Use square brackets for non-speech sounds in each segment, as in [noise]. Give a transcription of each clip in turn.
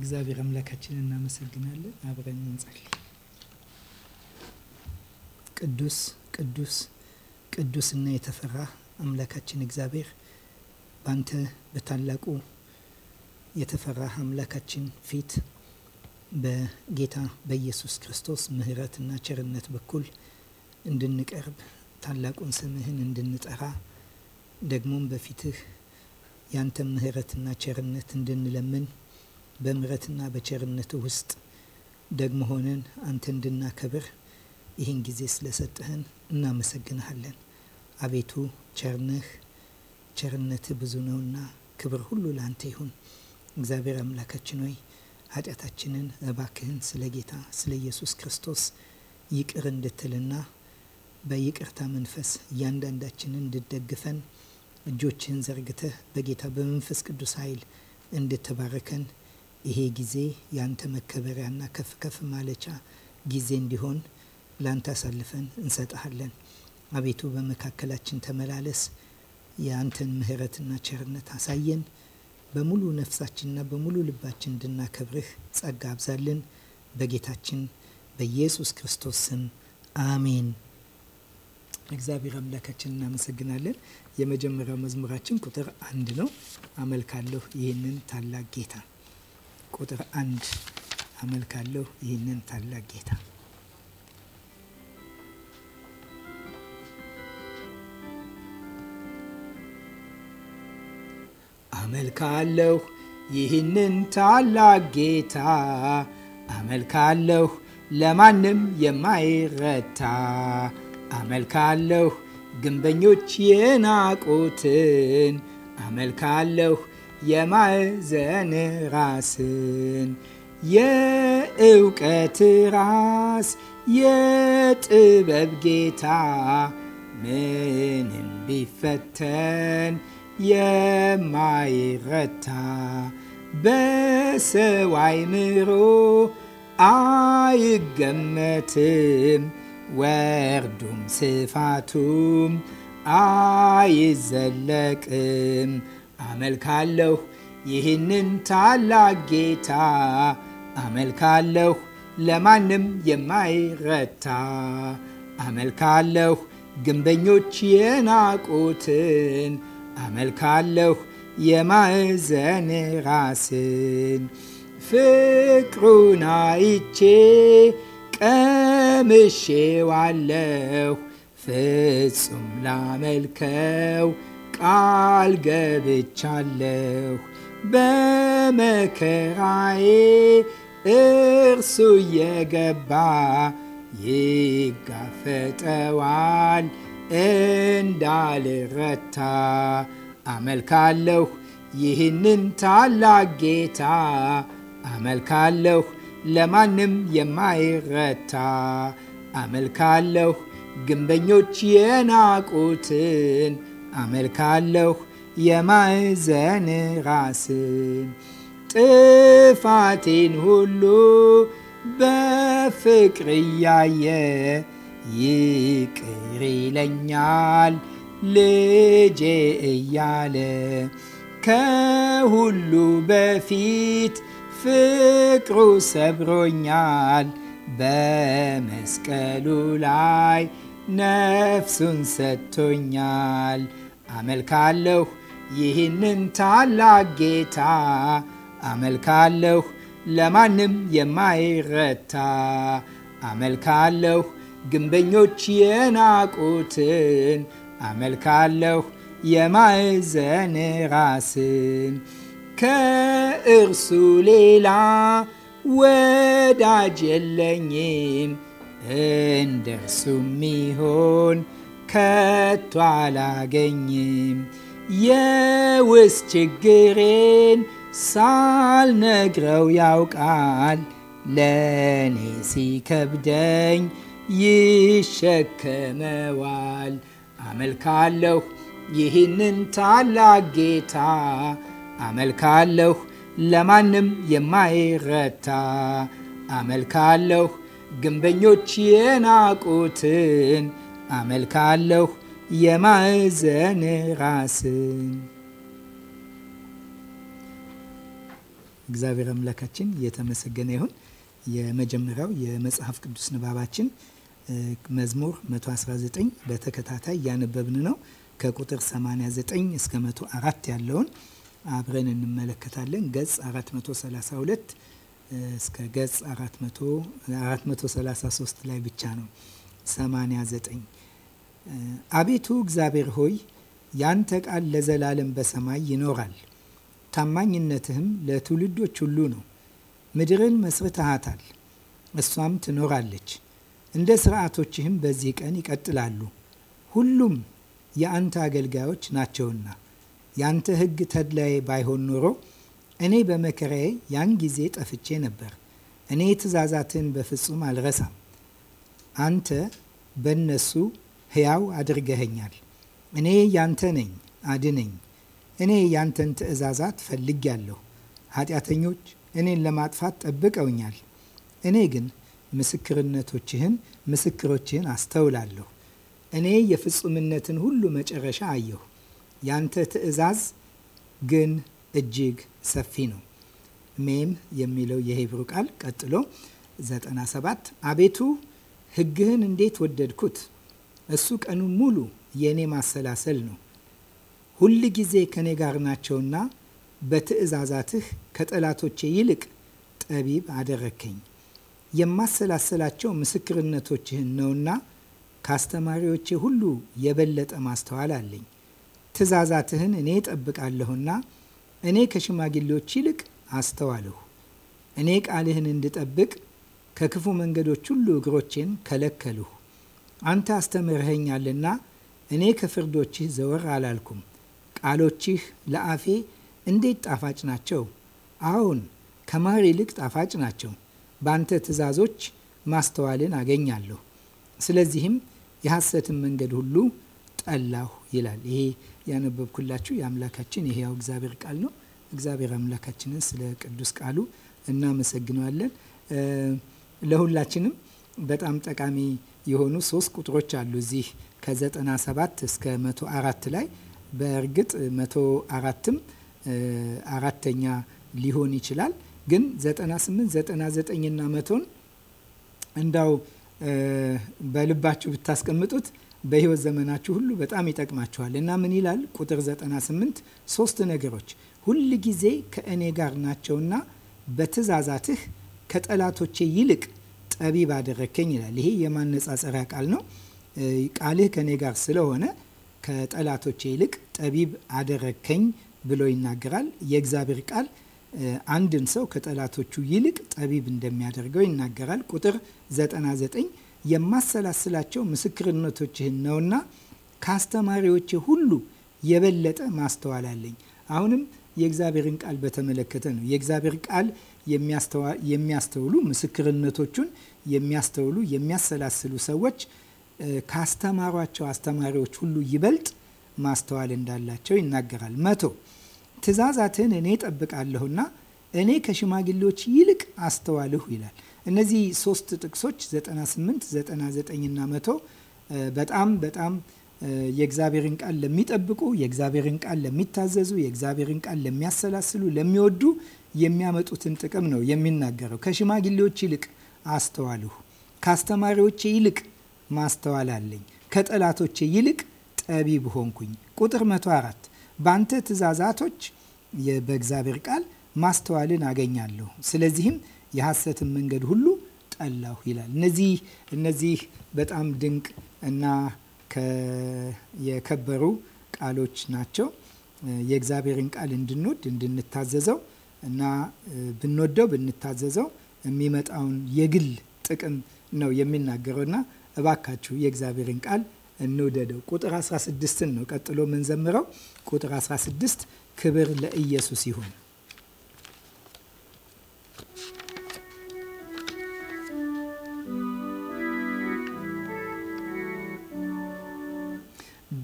እግዚአብሔር አምላካችን እናመሰግናለን። አብረን እንጸልይ። ቅዱስ ቅዱስ ቅዱስና የተፈራ አምላካችን እግዚአብሔር ባንተ በታላቁ የተፈራ አምላካችን ፊት በጌታ በኢየሱስ ክርስቶስ ምሕረትና ቸርነት በኩል እንድንቀርብ ታላቁን ስምህን እንድንጠራ ደግሞም በፊትህ ያንተ ምሕረትና ቸርነት እንድንለምን በምረትና በቸርነት ውስጥ ደግሞ ሆነን አንተ እንድናከብር ይህን ጊዜ ስለሰጠህን እናመሰግንሃለን። አቤቱ ቸርነህ ቸርነት ብዙ ነውና ክብር ሁሉ ለአንተ ይሁን። እግዚአብሔር አምላካችን ሆይ ኃጢአታችንን እባክህን ስለ ጌታ ስለ ኢየሱስ ክርስቶስ ይቅር እንድትልና በይቅርታ መንፈስ እያንዳንዳችንን እንድደግፈን እጆችህን ዘርግተህ በጌታ በመንፈስ ቅዱስ ኃይል እንድትባርከን ይሄ ጊዜ ያንተ መከበሪያና ከፍ ከፍ ማለቻ ጊዜ እንዲሆን ላንተ አሳልፈን እንሰጥሃለን። አቤቱ በመካከላችን ተመላለስ፣ የአንተን ምሕረትና ቸርነት አሳየን። በሙሉ ነፍሳችንና በሙሉ ልባችን እንድናከብርህ ጸጋ አብዛልን። በጌታችን በኢየሱስ ክርስቶስ ስም አሜን። እግዚአብሔር አምላካችን እናመሰግናለን። የመጀመሪያው መዝሙራችን ቁጥር አንድ ነው። አመልካለሁ ይህንን ታላቅ ጌታ ቁጥር አንድ አመልካለሁ ይህንን ታላቅ ጌታ አመልካለሁ ይህንን ታላቅ ጌታ አመልካለሁ ለማንም የማይረታ አመልካለሁ ግንበኞች የናቁትን አመልካለሁ የማዕዘን ራስን የእውቀት ራስ የጥበብ ጌታ ምንም ቢፈተን የማይረታ በሰው አይምሮ አይገመትም ወርዱም ስፋቱም አይዘለቅም። አመልካለሁ ይህንን ታላቅ ጌታ አመልካለሁ ለማንም የማይረታ አመልካለሁ ግንበኞች የናቁትን አመልካለሁ የማዕዘን ራስን ፍቅሩን አይቼ ቀምሼዋለሁ ፍጹም ላመልከው ቃል ገብቻለሁ በመከራዬ እርሱ የገባ ይጋፈጠዋል እንዳልረታ አመልካለሁ ይህንን ታላቅ ጌታ አመልካለሁ ለማንም የማይረታ አመልካለሁ ግንበኞች የናቁትን አመልካለሁ የማዕዘን ራስን ጥፋቴን ሁሉ በፍቅር እያየ ይቅር ይለኛል ልጄ እያለ ከሁሉ በፊት ፍቅሩ ሰብሮኛል በመስቀሉ ላይ ነፍሱን ሰጥቶኛል። አመልካለሁ ይህንን ታላቅ ጌታ አመልካለሁ ለማንም የማይረታ አመልካለሁ ግንበኞች የናቁትን አመልካለሁ የማዕዘን ራስን ከእርሱ ሌላ ወዳጅ የለኝም እንደርሱ ሚሆን ከቶ አላገኝም የውስጥ ችግሬን ሳልነግረው ያውቃል ለእኔ ሲከብደኝ ይሸከመዋል። አመልካለሁ ይህንን ታላቅ ጌታ አመልካለሁ ለማንም የማይረታ አመልካለሁ ግንበኞች የናቁትን አመልካለሁ የማዕዘን ራስን። እግዚአብሔር አምላካችን የተመሰገነ ይሁን። የመጀመሪያው የመጽሐፍ ቅዱስ ንባባችን መዝሙር 119 በተከታታይ እያነበብን ነው። ከቁጥር 89 እስከ 104 ያለውን አብረን እንመለከታለን። ገጽ 432 እስከ ገጽ 433 ላይ ብቻ ነው 89 አቤቱ እግዚአብሔር ሆይ ያንተ ቃል ለዘላለም በሰማይ ይኖራል፣ ታማኝነትህም ለትውልዶች ሁሉ ነው። ምድርን መስርተሃታል፣ እሷም ትኖራለች። እንደ ስርዓቶችህም በዚህ ቀን ይቀጥላሉ። ሁሉም የአንተ አገልጋዮች ናቸውና ያንተ ሕግ ተድላዬ ባይሆን ኖሮ እኔ በመከራዬ ያን ጊዜ ጠፍቼ ነበር። እኔ ትእዛዛትን በፍጹም አልረሳም። አንተ በእነሱ ሕያው አድርገኸኛል። እኔ ያንተ ነኝ፣ አድነኝ። እኔ ያንተን ትእዛዛት ፈልጌያለሁ። ኃጢአተኞች እኔን ለማጥፋት ጠብቀውኛል። እኔ ግን ምስክርነቶችህን ምስክሮችህን አስተውላለሁ። እኔ የፍጹምነትን ሁሉ መጨረሻ አየሁ። ያንተ ትእዛዝ ግን እጅግ ሰፊ ነው። ሜም የሚለው የሄብሩ ቃል ቀጥሎ 97 አቤቱ ሕግህን እንዴት ወደድኩት እሱ ቀኑን ሙሉ የእኔ ማሰላሰል ነው። ሁል ጊዜ ከእኔ ጋር ናቸውና በትእዛዛትህ ከጠላቶቼ ይልቅ ጠቢብ አደረከኝ። የማሰላሰላቸው ምስክርነቶችህን ነውና ከአስተማሪዎቼ ሁሉ የበለጠ ማስተዋል አለኝ። ትእዛዛትህን እኔ እጠብቃለሁና እኔ ከሽማግሌዎች ይልቅ አስተዋልሁ። እኔ ቃልህን እንድጠብቅ ከክፉ መንገዶች ሁሉ እግሮቼን ከለከልሁ። አንተ አስተምርህኛልና እኔ ከፍርዶችህ ዘወር አላልኩም። ቃሎችህ ለአፌ እንዴት ጣፋጭ ናቸው! አሁን ከማር ይልቅ ጣፋጭ ናቸው። በአንተ ትእዛዞች ማስተዋልን አገኛለሁ። ስለዚህም የሐሰትን መንገድ ሁሉ ጠላሁ ይላል። ይሄ ያነበብኩላችሁ የአምላካችን የሕያው እግዚአብሔር ቃል ነው። እግዚአብሔር አምላካችንን ስለ ቅዱስ ቃሉ እናመሰግነዋለን። ለሁላችንም በጣም ጠቃሚ የሆኑ ሶስት ቁጥሮች አሉ እዚህ ከ97 እስከ አራት ላይ በእርግጥ መቶ ም አራተኛ ሊሆን ይችላል ግን 98 99ና መቶን እንዳው በልባችሁ ብታስቀምጡት በህይወት ዘመናችሁ ሁሉ በጣም ይጠቅማችኋል እና ምን ይላል ቁጥር 98 ሶስት ነገሮች ሁል ጊዜ ከእኔ ጋር ናቸውና በትእዛዛትህ ከጠላቶቼ ይልቅ ጠቢብ አደረከኝ ይላል። ይሄ የማነጻጸሪያ ቃል ነው። ቃልህ ከኔ ጋር ስለሆነ ከጠላቶቼ ይልቅ ጠቢብ አደረከኝ ብሎ ይናገራል። የእግዚአብሔር ቃል አንድን ሰው ከጠላቶቹ ይልቅ ጠቢብ እንደሚያደርገው ይናገራል። ቁጥር 99 የማሰላስላቸው ምስክርነቶችህን ነውና ከአስተማሪዎች ሁሉ የበለጠ ማስተዋል አለኝ። አሁንም የእግዚአብሔርን ቃል በተመለከተ ነው። የእግዚአብሔር ቃል የሚያስተውሉ ምስክርነቶቹን የሚያስተውሉ የሚያሰላስሉ ሰዎች ካስተማሯቸው አስተማሪዎች ሁሉ ይበልጥ ማስተዋል እንዳላቸው ይናገራል። መቶ ትእዛዛትን እኔ ጠብቃለሁና እኔ ከሽማግሌዎች ይልቅ አስተዋልሁ ይላል። እነዚህ ሶስት ጥቅሶች 98፣ 99ና መቶ በጣም በጣም የእግዚአብሔርን ቃል ለሚጠብቁ፣ የእግዚአብሔርን ቃል ለሚታዘዙ፣ የእግዚአብሔርን ቃል ለሚያሰላስሉ፣ ለሚወዱ የሚያመጡትን ጥቅም ነው የሚናገረው። ከሽማግሌዎች ይልቅ አስተዋልሁ፣ ከአስተማሪዎቼ ይልቅ ማስተዋል አለኝ፣ ከጠላቶቼ ይልቅ ጠቢብ ሆንኩኝ። ቁጥር 104 በአንተ ትእዛዛቶች በእግዚአብሔር ቃል ማስተዋልን አገኛለሁ፣ ስለዚህም የሐሰትን መንገድ ሁሉ ጠላሁ ይላል። እነዚህ እነዚህ በጣም ድንቅ እና የከበሩ ቃሎች ናቸው። የእግዚአብሔርን ቃል እንድንወድ እንድንታዘዘው እና ብንወደው ብንታዘዘው የሚመጣውን የግል ጥቅም ነው የሚናገረው። እና እባካችሁ የእግዚአብሔርን ቃል እንውደደው። ቁጥር 16ን ነው ቀጥሎ የምንዘምረው። ቁጥር 16 ክብር ለኢየሱስ ይሁን።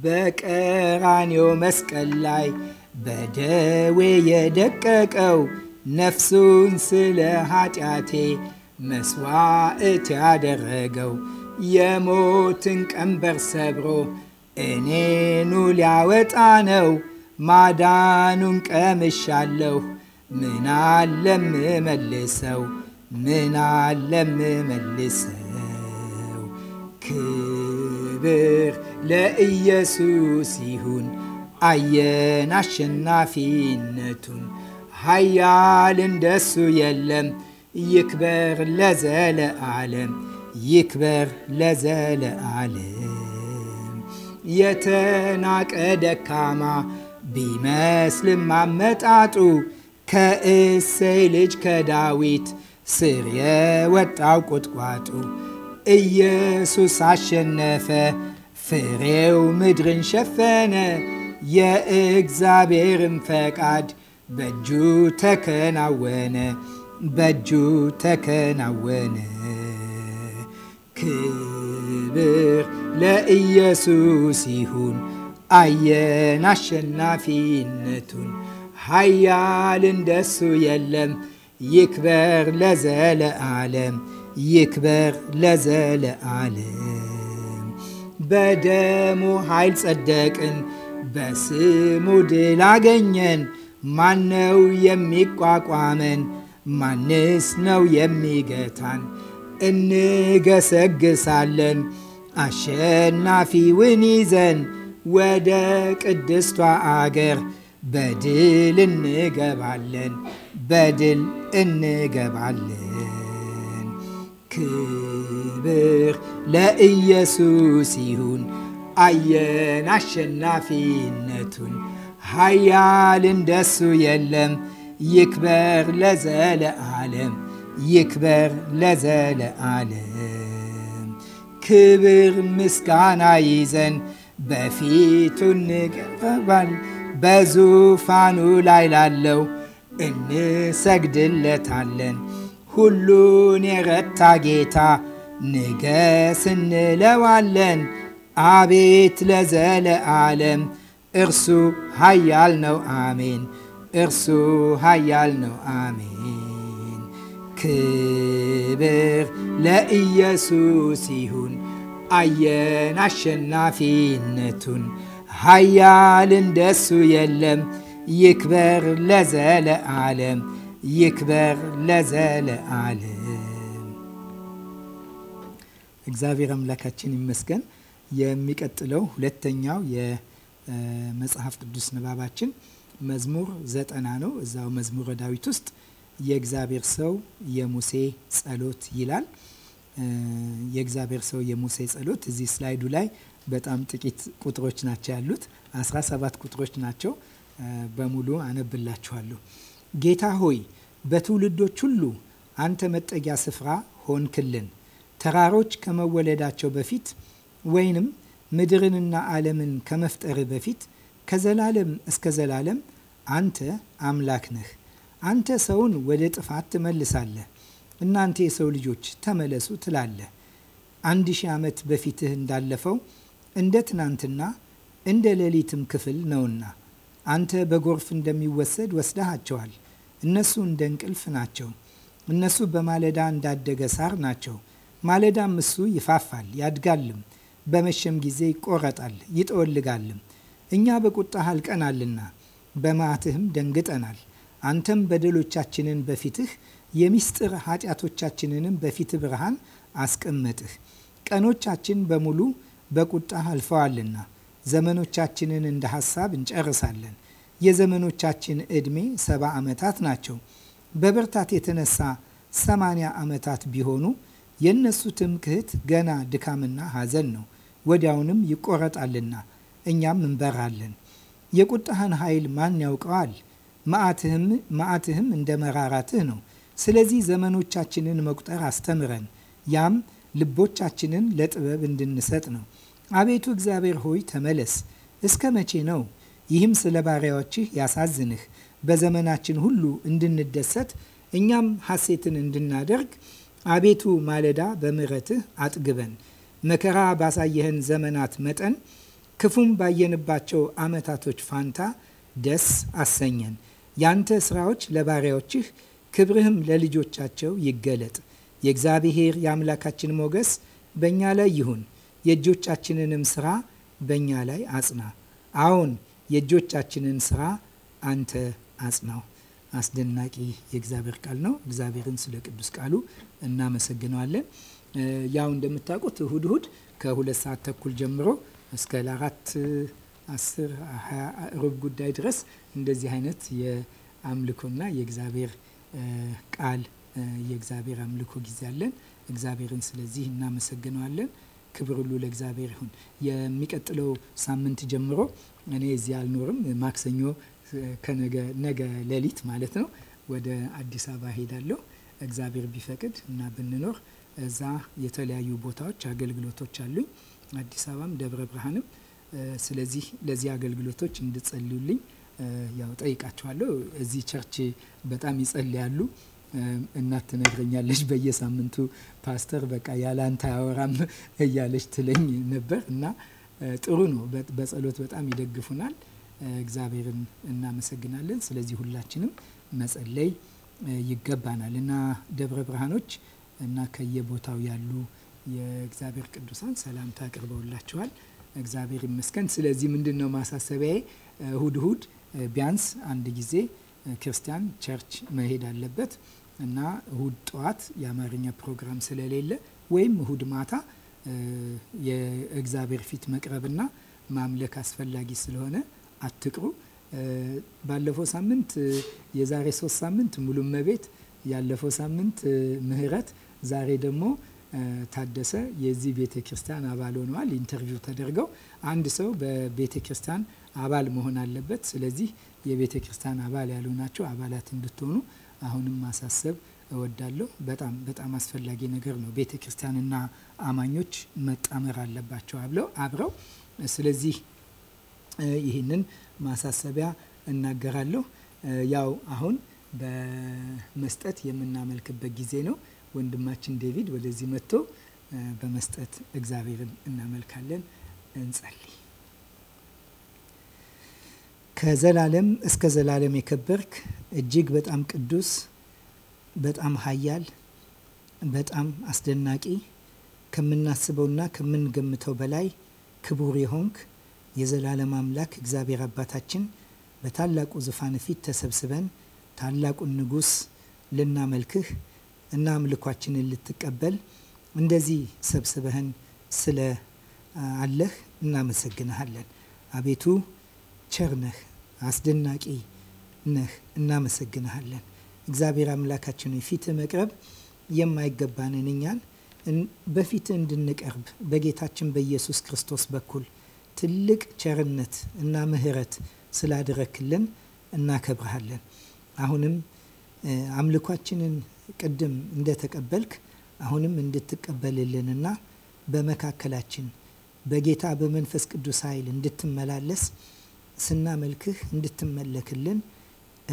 በቀራንዮ መስቀል ላይ በደዌ የደቀቀው ነፍሱን ስለ ኃጢአቴ መስዋዕት ያደረገው የሞትን ቀንበር ሰብሮ እኔኑ ሊያወጣ ነው። ማዳኑን ቀምሻለሁ። ምን ምናለምመልሰው ምን ክብር ለኢየሱስ ይሁን። አየን አሸናፊነቱን ኃያል እንደሱ የለም። ይክበር ለዘለ አለም ይክበር ለዘለ አለም የተናቀ ደካማ ቢመስልም አመጣጡ ከእሴይ ልጅ ከዳዊት ስር የወጣው ቁጥቋጡ ኢየሱስ አሸነፈ ፍሬው ምድርን ሸፈነ። የእግዚአብሔርን ፈቃድ በእጁ ተከናወነ፣ በእጁ ተከናወነ። ክብር ለኢየሱስ ይሁን። አየን አሸናፊነቱን፣ ኃያል እንደሱ የለም። ይክበር ለዘለ ዓለም፣ ይክበር ለዘለ ዓለም። በደሙ ኃይል ጸደቅን በስሙ ድል አገኘን። ማነው የሚቋቋመን? ማንስ ነው የሚገታን? እንገሰግሳለን አሸናፊውን ይዘን ወደ ቅድስቷ አገር በድል እንገባለን፣ በድል እንገባለን። ክብር ለኢየሱስ ይሁን። አየን አሸናፊነቱን ኃያል እንደሱ የለም። ይክበር ለዘለ ዓለም ይክበር ለዘለ ዓለም ክብር ምስጋና ይዘን በፊቱ እንቀርባል። በዙፋኑ ላይ ላለው እንሰግድለታለን። ሁሉን የረታ ጌታ ንገስ እንለዋለን። አቤት ለዘለ ዓለም እርሱ ኃያል ነው አሜን። እርሱ ኃያል ነው አሜን። ክብር ለኢየሱስ ይሁን። አየን አሸናፊነቱን ኃያል እንደሱ የለም። ይክበር ለዘለ ዓለም ይክበር ለዘለ ዓለም። እግዚአብሔር አምላካችን ይመስገን። የሚቀጥለው ሁለተኛው የመጽሐፍ ቅዱስ ንባባችን መዝሙር ዘጠና ነው። እዛው መዝሙረ ዳዊት ውስጥ የእግዚአብሔር ሰው የሙሴ ጸሎት ይላል። የእግዚአብሔር ሰው የሙሴ ጸሎት እዚህ ስላይዱ ላይ በጣም ጥቂት ቁጥሮች ናቸው ያሉት፣ 17 ቁጥሮች ናቸው። በሙሉ አነብላችኋለሁ። ጌታ ሆይ በትውልዶች ሁሉ አንተ መጠጊያ ስፍራ ሆንክልን። ተራሮች ከመወለዳቸው በፊት ወይንም ምድርንና ዓለምን ከመፍጠር በፊት ከዘላለም እስከ ዘላለም አንተ አምላክ ነህ። አንተ ሰውን ወደ ጥፋት ትመልሳለህ። እናንተ የሰው ልጆች ተመለሱ ትላለህ። አንድ ሺህ ዓመት በፊትህ እንዳለፈው እንደ ትናንትና እንደ ሌሊትም ክፍል ነውና አንተ በጎርፍ እንደሚወሰድ ወስደሃቸዋል። እነሱ እንደ እንቅልፍ ናቸው። እነሱ በማለዳ እንዳደገ ሳር ናቸው። ማለዳም እሱ ይፋፋል ያድጋልም በመሸም ጊዜ ይቆረጣል ይጠወልጋልም። እኛ በቁጣህ አልቀናልና በመዓትህም ደንግጠናል። አንተም በደሎቻችንን በፊትህ የሚስጥር ኃጢአቶቻችንንም በፊት ብርሃን አስቀመጥህ። ቀኖቻችን በሙሉ በቁጣህ አልፈዋልና ዘመኖቻችንን እንደ ሐሳብ እንጨርሳለን። የዘመኖቻችን ዕድሜ ሰባ ዓመታት ናቸው። በብርታት የተነሳ ሰማንያ ዓመታት ቢሆኑ የእነሱ ትምክህት ገና ድካምና ሐዘን ነው። ወዲያውንም ይቆረጣልና እኛም እንበራለን። የቁጣህን ኃይል ማን ያውቀዋል? መዓትህም እንደ መራራትህ ነው። ስለዚህ ዘመኖቻችንን መቁጠር አስተምረን፣ ያም ልቦቻችንን ለጥበብ እንድንሰጥ ነው። አቤቱ እግዚአብሔር ሆይ ተመለስ። እስከ መቼ ነው? ይህም ስለ ባሪያዎችህ ያሳዝንህ። በዘመናችን ሁሉ እንድንደሰት እኛም ሐሴትን እንድናደርግ አቤቱ ማለዳ በምሕረትህ አጥግበን መከራ ባሳየህን ዘመናት መጠን ክፉም ባየንባቸው ዓመታቶች ፋንታ ደስ አሰኘን። ያንተ ስራዎች ለባሪያዎችህ ክብርህም ለልጆቻቸው ይገለጥ። የእግዚአብሔር የአምላካችን ሞገስ በእኛ ላይ ይሁን፣ የእጆቻችንንም ስራ በእኛ ላይ አጽና። አዎን የእጆቻችንን ስራ አንተ አጽናው። አስደናቂ የእግዚአብሔር ቃል ነው። እግዚአብሔርን ስለ ቅዱስ ቃሉ እናመሰግነዋለን። ያው እንደምታውቁት እሁድ እሁድ ከሁለት ሰዓት ተኩል ጀምሮ እስከ ለአራት አስር ሩብ ጉዳይ ድረስ እንደዚህ አይነት የአምልኮና የእግዚአብሔር ቃል የእግዚአብሔር አምልኮ ጊዜ አለን። እግዚአብሔርን ስለዚህ እናመሰግነዋለን። ክብር ሁሉ ለእግዚአብሔር ይሁን። የሚቀጥለው ሳምንት ጀምሮ እኔ እዚህ አልኖርም። ማክሰኞ ከነገ ነገ ሌሊት ማለት ነው ወደ አዲስ አበባ ሄዳለሁ። እግዚአብሔር ቢፈቅድ እና ብንኖር እዛ የተለያዩ ቦታዎች አገልግሎቶች አሉኝ፣ አዲስ አበባም ደብረ ብርሃንም። ስለዚህ ለዚህ አገልግሎቶች እንድጸልዩልኝ ያው ጠይቃችኋለሁ። እዚህ ቸርች በጣም ይጸልያሉ። እናት ትነግረኛለች [laughs] በየሳምንቱ ፓስተር በቃ ያላንተ ያወራም [laughs] እያለች ትለኝ ነበር እና ጥሩ ነው። በጸሎት በጣም ይደግፉናል። እግዚአብሔርን እናመሰግናለን። ስለዚህ ሁላችንም መጸለይ ይገባናል እና ደብረ ብርሃኖች እና ከየቦታው ያሉ የእግዚአብሔር ቅዱሳን ሰላምታ አቅርበውላችኋል። እግዚአብሔር ይመስገን። ስለዚህ ምንድን ነው ማሳሰቢያዬ? እሁድ እሁድ ቢያንስ አንድ ጊዜ ክርስቲያን ቸርች መሄድ አለበት እና እሁድ ጠዋት የአማርኛ ፕሮግራም ስለሌለ ወይም እሁድ ማታ የእግዚአብሔር ፊት መቅረብና ማምለክ አስፈላጊ ስለሆነ አትቅሩ። ባለፈው ሳምንት የዛሬ ሶስት ሳምንት ሙሉም መቤት። ያለፈው ሳምንት ምህረት፣ ዛሬ ደግሞ ታደሰ የዚህ ቤተ ክርስቲያን አባል ሆነዋል። ኢንተርቪው ተደርገው አንድ ሰው በቤተ ክርስቲያን አባል መሆን አለበት። ስለዚህ የቤተ ክርስቲያን አባል ናቸው አባላት እንድትሆኑ አሁንም ማሳሰብ እወዳለሁ። በጣም በጣም አስፈላጊ ነገር ነው። ቤተ ክርስቲያንና አማኞች መጣመር አለባቸው አብለው አብረው። ስለዚህ ይህንን ማሳሰቢያ እናገራለሁ። ያው አሁን በመስጠት የምናመልክበት ጊዜ ነው። ወንድማችን ዴቪድ ወደዚህ መጥቶ በመስጠት እግዚአብሔርን እናመልካለን። እንጸልይ። ከዘላለም እስከ ዘላለም የከበርክ እጅግ በጣም ቅዱስ፣ በጣም ኃያል፣ በጣም አስደናቂ ከምናስበውና ከምንገምተው በላይ ክቡር የሆንክ የዘላለም አምላክ እግዚአብሔር አባታችን በታላቁ ዙፋን ፊት ተሰብስበን ታላቁን ንጉስ ልናመልክህ እና አምልኳችንን ልትቀበል እንደዚህ ሰብስበህን ስለ አለህ እናመሰግንሃለን። አቤቱ ቸር ነህ፣ አስደናቂ ነህ፣ እናመሰግንሃለን። እግዚአብሔር አምላካችን ፊት መቅረብ የማይገባንን እኛን በፊት እንድንቀርብ በጌታችን በኢየሱስ ክርስቶስ በኩል ትልቅ ቸርነት እና ምሕረት ስላደረክልን እናከብረሃለን። አሁንም አምልኳችንን ቅድም እንደተቀበልክ አሁንም እንድትቀበልልንና በመካከላችን በጌታ በመንፈስ ቅዱስ ኃይል እንድትመላለስ ስናመልክህ እንድትመለክልን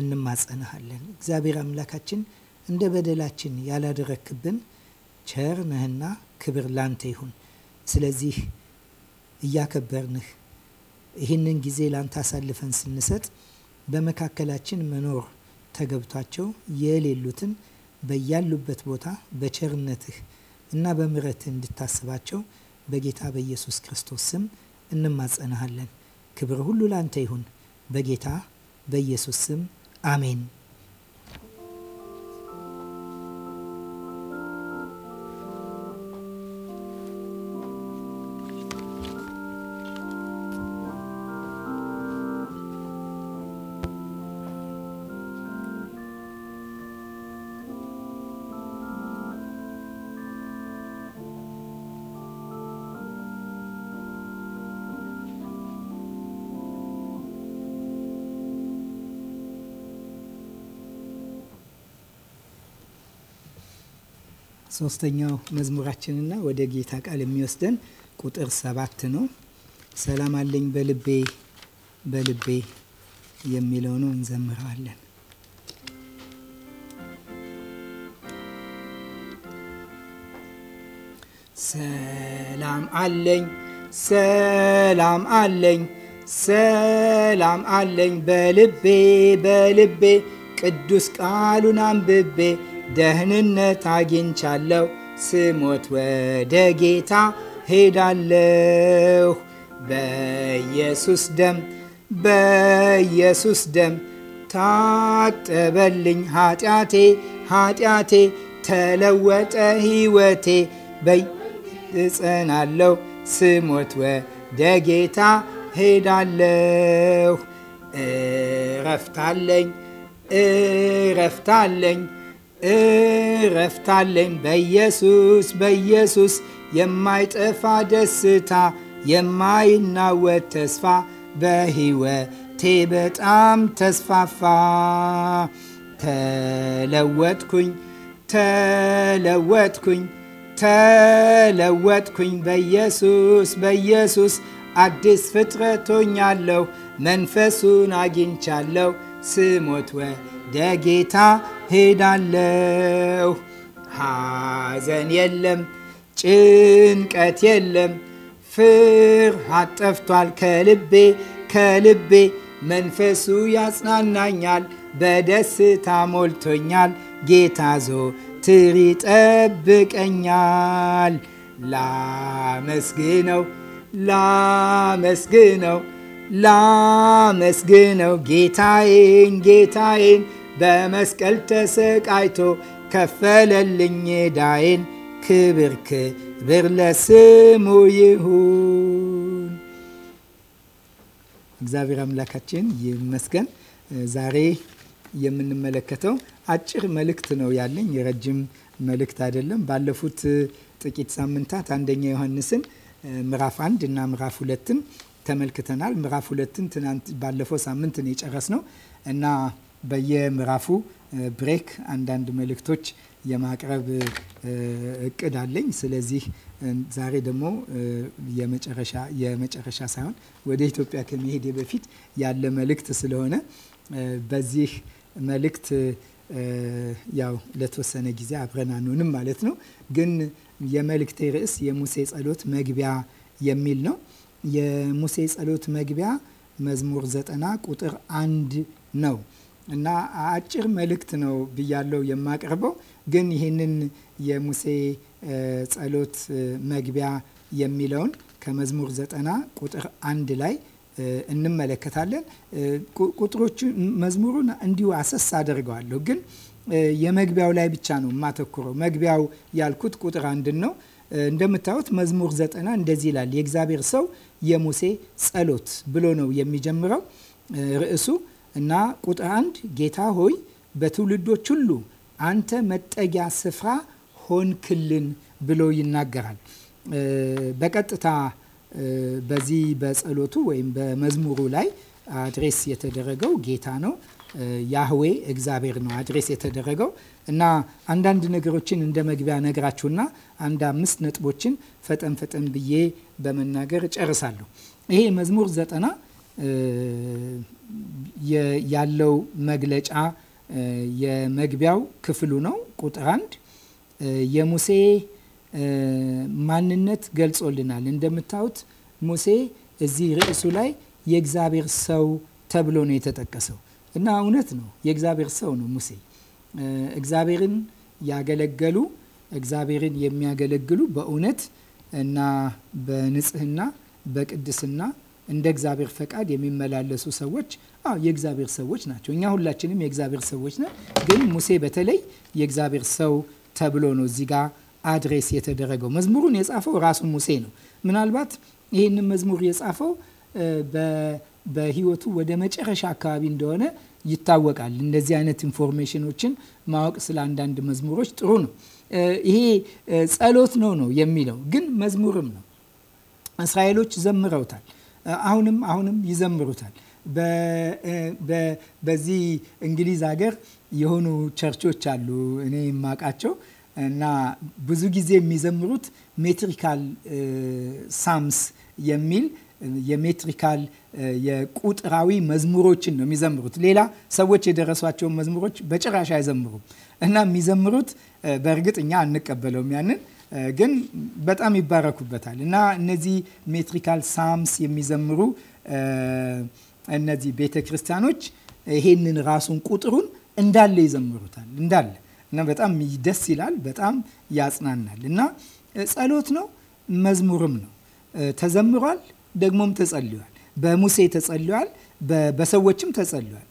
እንማጸንሃለን። እግዚአብሔር አምላካችን እንደ በደላችን ያላደረክብን ቸር ነህና ክብር ላንተ ይሁን። ስለዚህ እያከበርንህ ይህንን ጊዜ ላንተ አሳልፈን ስንሰጥ በመካከላችን መኖር ተገብቷቸው የሌሉትን በያሉበት ቦታ በቸርነትህ እና በምረትህ እንድታስባቸው በጌታ በኢየሱስ ክርስቶስ ስም እንማጸናሃለን። ክብር ሁሉ ላንተ ይሁን። በጌታ በኢየሱስ ስም አሜን። ሶስተኛው መዝሙራችንና ወደ ጌታ ቃል የሚወስደን ቁጥር ሰባት ነው። ሰላም አለኝ በልቤ በልቤ የሚለው ነው። እንዘምረዋለን። ሰላም አለኝ ሰላም አለኝ ሰላም አለኝ በልቤ በልቤ ቅዱስ ቃሉን አንብቤ ደህንነት አግኝቻለሁ፣ ስሞት ወደ ጌታ ሄዳለሁ። በኢየሱስ ደም በኢየሱስ ደም ታጠበልኝ ኃጢአቴ ኃጢአቴ ተለወጠ ሕይወቴ እጸናለሁ ስሞት ወደ ጌታ ሄዳለሁ። እረፍታለኝ እረፍታለኝ እረፍታለኝ በኢየሱስ በኢየሱስ የማይጠፋ ደስታ የማይናወት ተስፋ በሕይወቴ በጣም ተስፋፋ። ተለወጥኩኝ ተለወጥኩኝ ተለወጥኩኝ በኢየሱስ በኢየሱስ አዲስ ፍጥረቶኛለሁ መንፈሱን አግኝቻለሁ ስሞት ወደ ጌታ ሄዳለሁ። ሐዘን የለም፣ ጭንቀት የለም፣ ፍርሃት ጠፍቷል ከልቤ ከልቤ መንፈሱ ያጽናናኛል፣ በደስታ ሞልቶኛል። ጌታ ዞትር ይጠብቀኛል። ላመስግነው ላመስግነው ላመስግነው ጌታዬን ጌታዬን በመስቀል ተሰቃይቶ ከፈለልኝ ዳይን ክብር ክብር ለስሙ ይሁን። እግዚአብሔር አምላካችን ይመስገን። ዛሬ የምንመለከተው አጭር መልእክት ነው ያለኝ፣ የረጅም መልእክት አይደለም። ባለፉት ጥቂት ሳምንታት አንደኛ ዮሐንስን ምዕራፍ አንድ እና ምዕራፍ ሁለትን ተመልክተናል። ምዕራፍ ሁለትን ትናንት ባለፈው ሳምንት ነው የጨረስነው እና በየምዕራፉ ብሬክ አንዳንድ መልእክቶች የማቅረብ እቅድ አለኝ። ስለዚህ ዛሬ ደግሞ የመጨረሻ የመጨረሻ ሳይሆን ወደ ኢትዮጵያ ከመሄዴ በፊት ያለ መልእክት ስለሆነ በዚህ መልእክት ያው ለተወሰነ ጊዜ አብረን አንሆንም ማለት ነው። ግን የመልእክቴ ርዕስ የሙሴ ጸሎት መግቢያ የሚል ነው። የሙሴ ጸሎት መግቢያ መዝሙር ዘጠና ቁጥር አንድ ነው። እና አጭር መልእክት ነው ብያለው የማቀርበው ግን ይህንን የሙሴ ጸሎት መግቢያ የሚለውን ከመዝሙር ዘጠና ቁጥር አንድ ላይ እንመለከታለን። ቁጥሮቹ መዝሙሩን እንዲሁ አሰስ አደርገዋለሁ ግን የመግቢያው ላይ ብቻ ነው የማተኩረው። መግቢያው ያልኩት ቁጥር አንድን ነው። እንደምታዩት መዝሙር ዘጠና እንደዚህ ይላል፣ የእግዚአብሔር ሰው የሙሴ ጸሎት ብሎ ነው የሚጀምረው ርዕሱ እና ቁጥር አንድ ጌታ ሆይ በትውልዶች ሁሉ አንተ መጠጊያ ስፍራ ሆንክልን ብሎ ይናገራል። በቀጥታ በዚህ በጸሎቱ ወይም በመዝሙሩ ላይ አድሬስ የተደረገው ጌታ ነው። ያህዌ እግዚአብሔር ነው አድሬስ የተደረገው እና አንዳንድ ነገሮችን እንደ መግቢያ ነግራችሁና አንድ አምስት ነጥቦችን ፈጠን ፈጠን ብዬ በመናገር ጨርሳለሁ። ይሄ መዝሙር ዘጠና ያለው መግለጫ የመግቢያው ክፍሉ ነው። ቁጥር አንድ የሙሴ ማንነት ገልጾልናል። እንደምታዩት ሙሴ እዚህ ርዕሱ ላይ የእግዚአብሔር ሰው ተብሎ ነው የተጠቀሰው እና እውነት ነው፣ የእግዚአብሔር ሰው ነው ሙሴ። እግዚአብሔርን ያገለገሉ እግዚአብሔርን የሚያገለግሉ በእውነት እና በንጽህና በቅድስና እንደ እግዚአብሔር ፈቃድ የሚመላለሱ ሰዎች አዎ የእግዚአብሔር ሰዎች ናቸው። እኛ ሁላችንም የእግዚአብሔር ሰዎች ነን። ግን ሙሴ በተለይ የእግዚአብሔር ሰው ተብሎ ነው እዚህ ጋር አድሬስ የተደረገው። መዝሙሩን የጻፈው ራሱ ሙሴ ነው። ምናልባት ይህንን መዝሙር የጻፈው በህይወቱ ወደ መጨረሻ አካባቢ እንደሆነ ይታወቃል። እንደዚህ አይነት ኢንፎርሜሽኖችን ማወቅ ስለ አንዳንድ መዝሙሮች ጥሩ ነው። ይሄ ጸሎት ነው ነው የሚለው ግን መዝሙርም ነው። እስራኤሎች ዘምረውታል። አሁንም አሁንም ይዘምሩታል። በዚህ እንግሊዝ ሀገር የሆኑ ቸርቾች አሉ እኔ የማውቃቸው እና ብዙ ጊዜ የሚዘምሩት ሜትሪካል ሳምስ የሚል የሜትሪካል የቁጥራዊ መዝሙሮችን ነው የሚዘምሩት። ሌላ ሰዎች የደረሷቸውን መዝሙሮች በጭራሽ አይዘምሩም እና የሚዘምሩት በእርግጥ እኛ አንቀበለውም ያንን ግን በጣም ይባረኩበታል እና እነዚህ ሜትሪካል ሳምስ የሚዘምሩ እነዚህ ቤተ ክርስቲያኖች ይሄንን ራሱን ቁጥሩን እንዳለ ይዘምሩታል እንዳለ እና በጣም ደስ ይላል፣ በጣም ያጽናናል እና ጸሎት ነው መዝሙርም ነው። ተዘምሯል፣ ደግሞም ተጸልዋል። በሙሴ ተጸልዋል፣ በሰዎችም ተጸልዋል።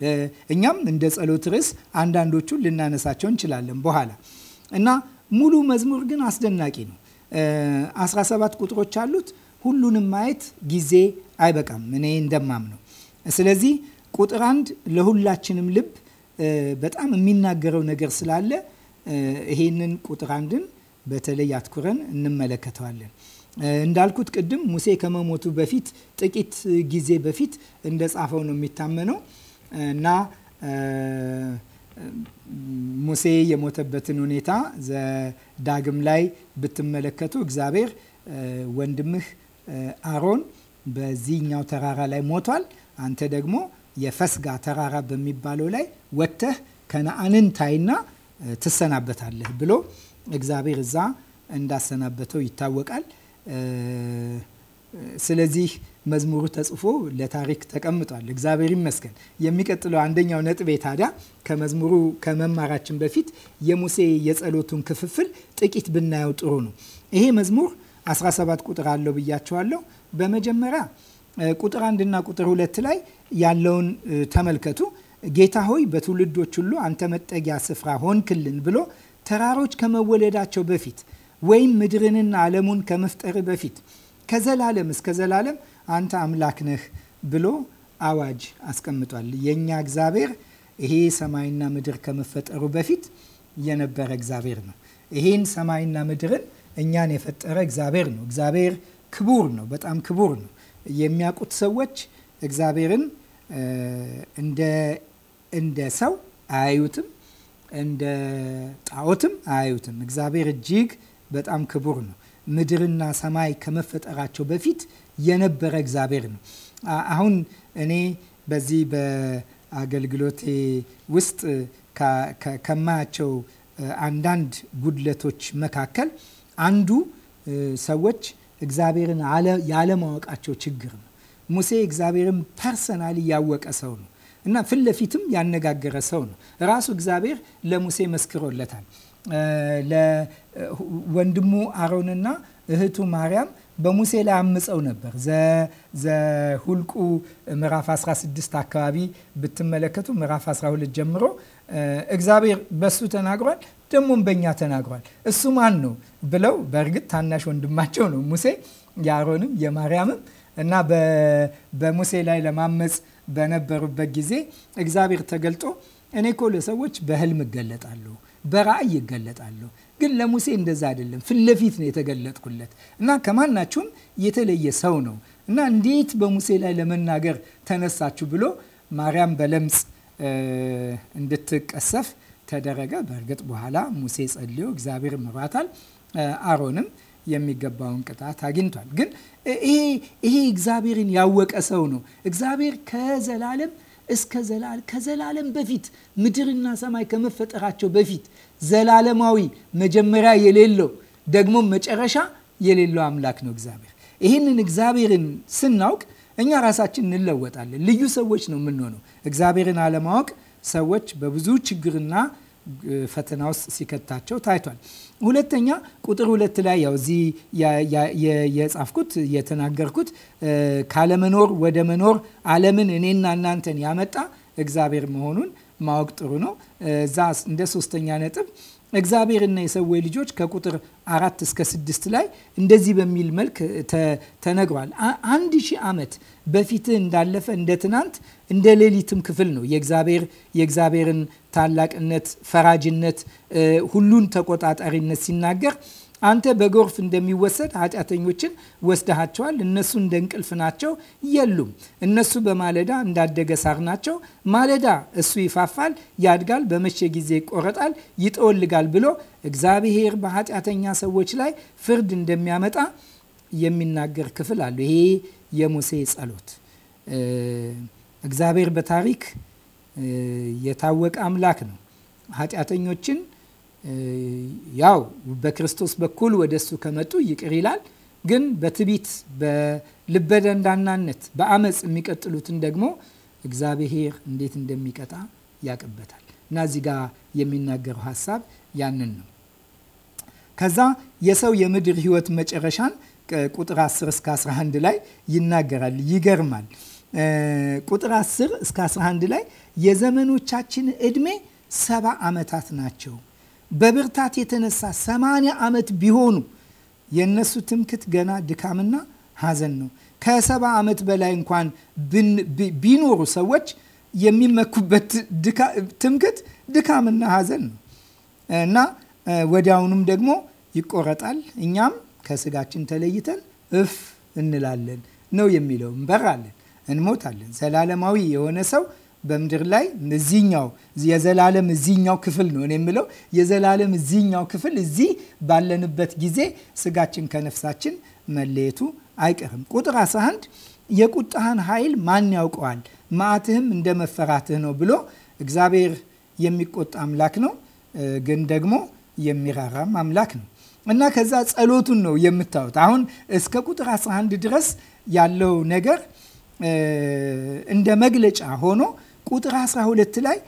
እኛም እንደ ጸሎት ርዕስ አንዳንዶቹን ልናነሳቸው እንችላለን በኋላ እና ሙሉ መዝሙር ግን አስደናቂ ነው። 17 ቁጥሮች አሉት። ሁሉንም ማየት ጊዜ አይበቃም፣ እኔ እንደማምነው። ስለዚህ ቁጥር አንድ ለሁላችንም ልብ በጣም የሚናገረው ነገር ስላለ ይሄንን ቁጥር አንድን በተለይ አትኩረን እንመለከተዋለን። እንዳልኩት ቅድም ሙሴ ከመሞቱ በፊት ጥቂት ጊዜ በፊት እንደጻፈው ነው የሚታመነው እና ሙሴ የሞተበትን ሁኔታ ዘዳግም ላይ ብትመለከቱ እግዚአብሔር ወንድምህ አሮን በዚህኛው ተራራ ላይ ሞቷል፣ አንተ ደግሞ የፈስጋ ተራራ በሚባለው ላይ ወጥተህ ከነአንን ታይና ትሰናበታለህ ብሎ እግዚአብሔር እዛ እንዳሰናበተው ይታወቃል። ስለዚህ መዝሙሩ ተጽፎ ለታሪክ ተቀምጧል። እግዚአብሔር ይመስገን። የሚቀጥለው አንደኛው ነጥቤ ታዲያ ከመዝሙሩ ከመማራችን በፊት የሙሴ የጸሎቱን ክፍፍል ጥቂት ብናየው ጥሩ ነው። ይሄ መዝሙር 17 ቁጥር አለው ብያችኋለሁ። በመጀመሪያ ቁጥር አንድና ቁጥር ሁለት ላይ ያለውን ተመልከቱ። ጌታ ሆይ በትውልዶች ሁሉ አንተ መጠጊያ ስፍራ ሆንክልን ብሎ ተራሮች ከመወለዳቸው በፊት ወይም ምድርንና ዓለሙን ከመፍጠር በፊት ከዘላለም እስከ ዘላለም አንተ አምላክ ነህ ብሎ አዋጅ አስቀምጧል። የእኛ እግዚአብሔር ይሄ ሰማይና ምድር ከመፈጠሩ በፊት የነበረ እግዚአብሔር ነው። ይሄን ሰማይና ምድርን እኛን የፈጠረ እግዚአብሔር ነው። እግዚአብሔር ክቡር ነው፣ በጣም ክቡር ነው። የሚያውቁት ሰዎች እግዚአብሔርን እንደ ሰው አያዩትም፣ እንደ ጣዖትም አያዩትም። እግዚአብሔር እጅግ በጣም ክቡር ነው። ምድርና ሰማይ ከመፈጠራቸው በፊት የነበረ እግዚአብሔር ነው። አሁን እኔ በዚህ በአገልግሎቴ ውስጥ ከማያቸው አንዳንድ ጉድለቶች መካከል አንዱ ሰዎች እግዚአብሔርን ያለማወቃቸው ችግር ነው። ሙሴ እግዚአብሔርን ፐርሰናል ያወቀ ሰው ነው እና ፊት ለፊትም ያነጋገረ ሰው ነው። ራሱ እግዚአብሔር ለሙሴ መስክሮለታል። ለወንድሙ አሮንና እህቱ ማርያም በሙሴ ላይ አምፀው ነበር። ዘሁልቁ ምዕራፍ 16 አካባቢ ብትመለከቱ ምዕራፍ 12 ጀምሮ እግዚአብሔር በሱ ተናግሯል፣ ደግሞም በእኛ ተናግሯል። እሱ ማን ነው ብለው በእርግጥ ታናሽ ወንድማቸው ነው ሙሴ የአሮንም የማርያምም እና በሙሴ ላይ ለማመፅ በነበሩበት ጊዜ እግዚአብሔር ተገልጦ እኔ እኮ ለሰዎች በህልም እገለጣለሁ በራእይ ይገለጣለሁ። ግን ለሙሴ እንደዛ አይደለም፣ ፊት ለፊት ነው የተገለጥኩለት እና ከማናችሁም የተለየ ሰው ነው እና እንዴት በሙሴ ላይ ለመናገር ተነሳችሁ ብሎ ማርያም በለምጽ እንድትቀሰፍ ተደረገ። በእርግጥ በኋላ ሙሴ ጸልዮ እግዚአብሔር ምሯታል። አሮንም የሚገባውን ቅጣት አግኝቷል። ግን ይሄ እግዚአብሔርን ያወቀ ሰው ነው። እግዚአብሔር ከዘላለም እስከ ዘላለም ከዘላለም በፊት ምድርና ሰማይ ከመፈጠራቸው በፊት ዘላለማዊ መጀመሪያ የሌለው ደግሞ መጨረሻ የሌለው አምላክ ነው እግዚአብሔር። ይህንን እግዚአብሔርን ስናውቅ እኛ ራሳችን እንለወጣለን። ልዩ ሰዎች ነው የምንሆነው። እግዚአብሔርን አለማወቅ ሰዎች በብዙ ችግርና ፈተና ውስጥ ሲከታቸው ታይቷል። ሁለተኛ ቁጥር ሁለት ላይ ያው እዚህ የጻፍኩት የተናገርኩት ካለመኖር ወደ መኖር ዓለምን እኔና እናንተን ያመጣ እግዚአብሔር መሆኑን ማወቅ ጥሩ ነው። እዛ እንደ ሶስተኛ ነጥብ እግዚአብሔርና የሰው ልጆች ከቁጥር አራት እስከ ስድስት ላይ እንደዚህ በሚል መልክ ተነግሯል። አንድ ሺህ ዓመት በፊትህ እንዳለፈ እንደ ትናንት እንደ ሌሊትም ክፍል ነው የእግዚአብሔር የእግዚአብሔርን ታላቅነት፣ ፈራጅነት፣ ሁሉን ተቆጣጣሪነት ሲናገር አንተ በጎርፍ እንደሚወሰድ ኃጢአተኞችን ወስደሃቸዋል። እነሱ እንደ እንቅልፍ ናቸው፣ የሉም። እነሱ በማለዳ እንዳደገ ሳር ናቸው። ማለዳ እሱ ይፋፋል፣ ያድጋል፣ በመቼ ጊዜ ይቆረጣል፣ ይጠወልጋል ብሎ እግዚአብሔር በኃጢአተኛ ሰዎች ላይ ፍርድ እንደሚያመጣ የሚናገር ክፍል አለው ይሄ የሙሴ ጸሎት እግዚአብሔር በታሪክ የታወቀ አምላክ ነው። ኃጢአተኞችን ያው በክርስቶስ በኩል ወደ እሱ ከመጡ ይቅር ይላል። ግን በትቢት በልበደንዳናነት በአመፅ የሚቀጥሉትን ደግሞ እግዚአብሔር እንዴት እንደሚቀጣ ያቅበታል እና እዚህ ጋር የሚናገረው ሀሳብ ያንን ነው። ከዛ የሰው የምድር ህይወት መጨረሻን ቁጥር 10 እስከ 11 ላይ ይናገራል። ይገርማል። ቁጥር 10 እስከ 11 ላይ የዘመኖቻችን ዕድሜ ሰባ ዓመታት ናቸው። በብርታት የተነሳ ሰማንያ ዓመት ቢሆኑ የእነሱ ትምክት ገና ድካምና ሐዘን ነው። ከሰባ ዓመት በላይ እንኳን ቢኖሩ ሰዎች የሚመኩበት ትምክት ድካምና ሐዘን ነው እና ወዲያውኑም ደግሞ ይቆረጣል። እኛም ከስጋችን ተለይተን እፍ እንላለን ነው የሚለው እንበራለን። እንሞታለን። ዘላለማዊ የሆነ ሰው በምድር ላይ እዚኛው የዘላለም እዚኛው ክፍል ነው የምለው የዘላለም እዚኛው ክፍል እዚህ ባለንበት ጊዜ ስጋችን ከነፍሳችን መለየቱ አይቀርም። ቁጥር 11 የቁጣህን ኃይል ማን ያውቀዋል? መዓትህም እንደ መፈራትህ ነው ብሎ እግዚአብሔር የሚቆጣ አምላክ ነው፣ ግን ደግሞ የሚራራም አምላክ ነው እና ከዛ ጸሎቱን ነው የምታዩት። አሁን እስከ ቁጥር 11 ድረስ ያለው ነገር እንደ መግለጫ ሆኖ ቁጥር 12 ላይ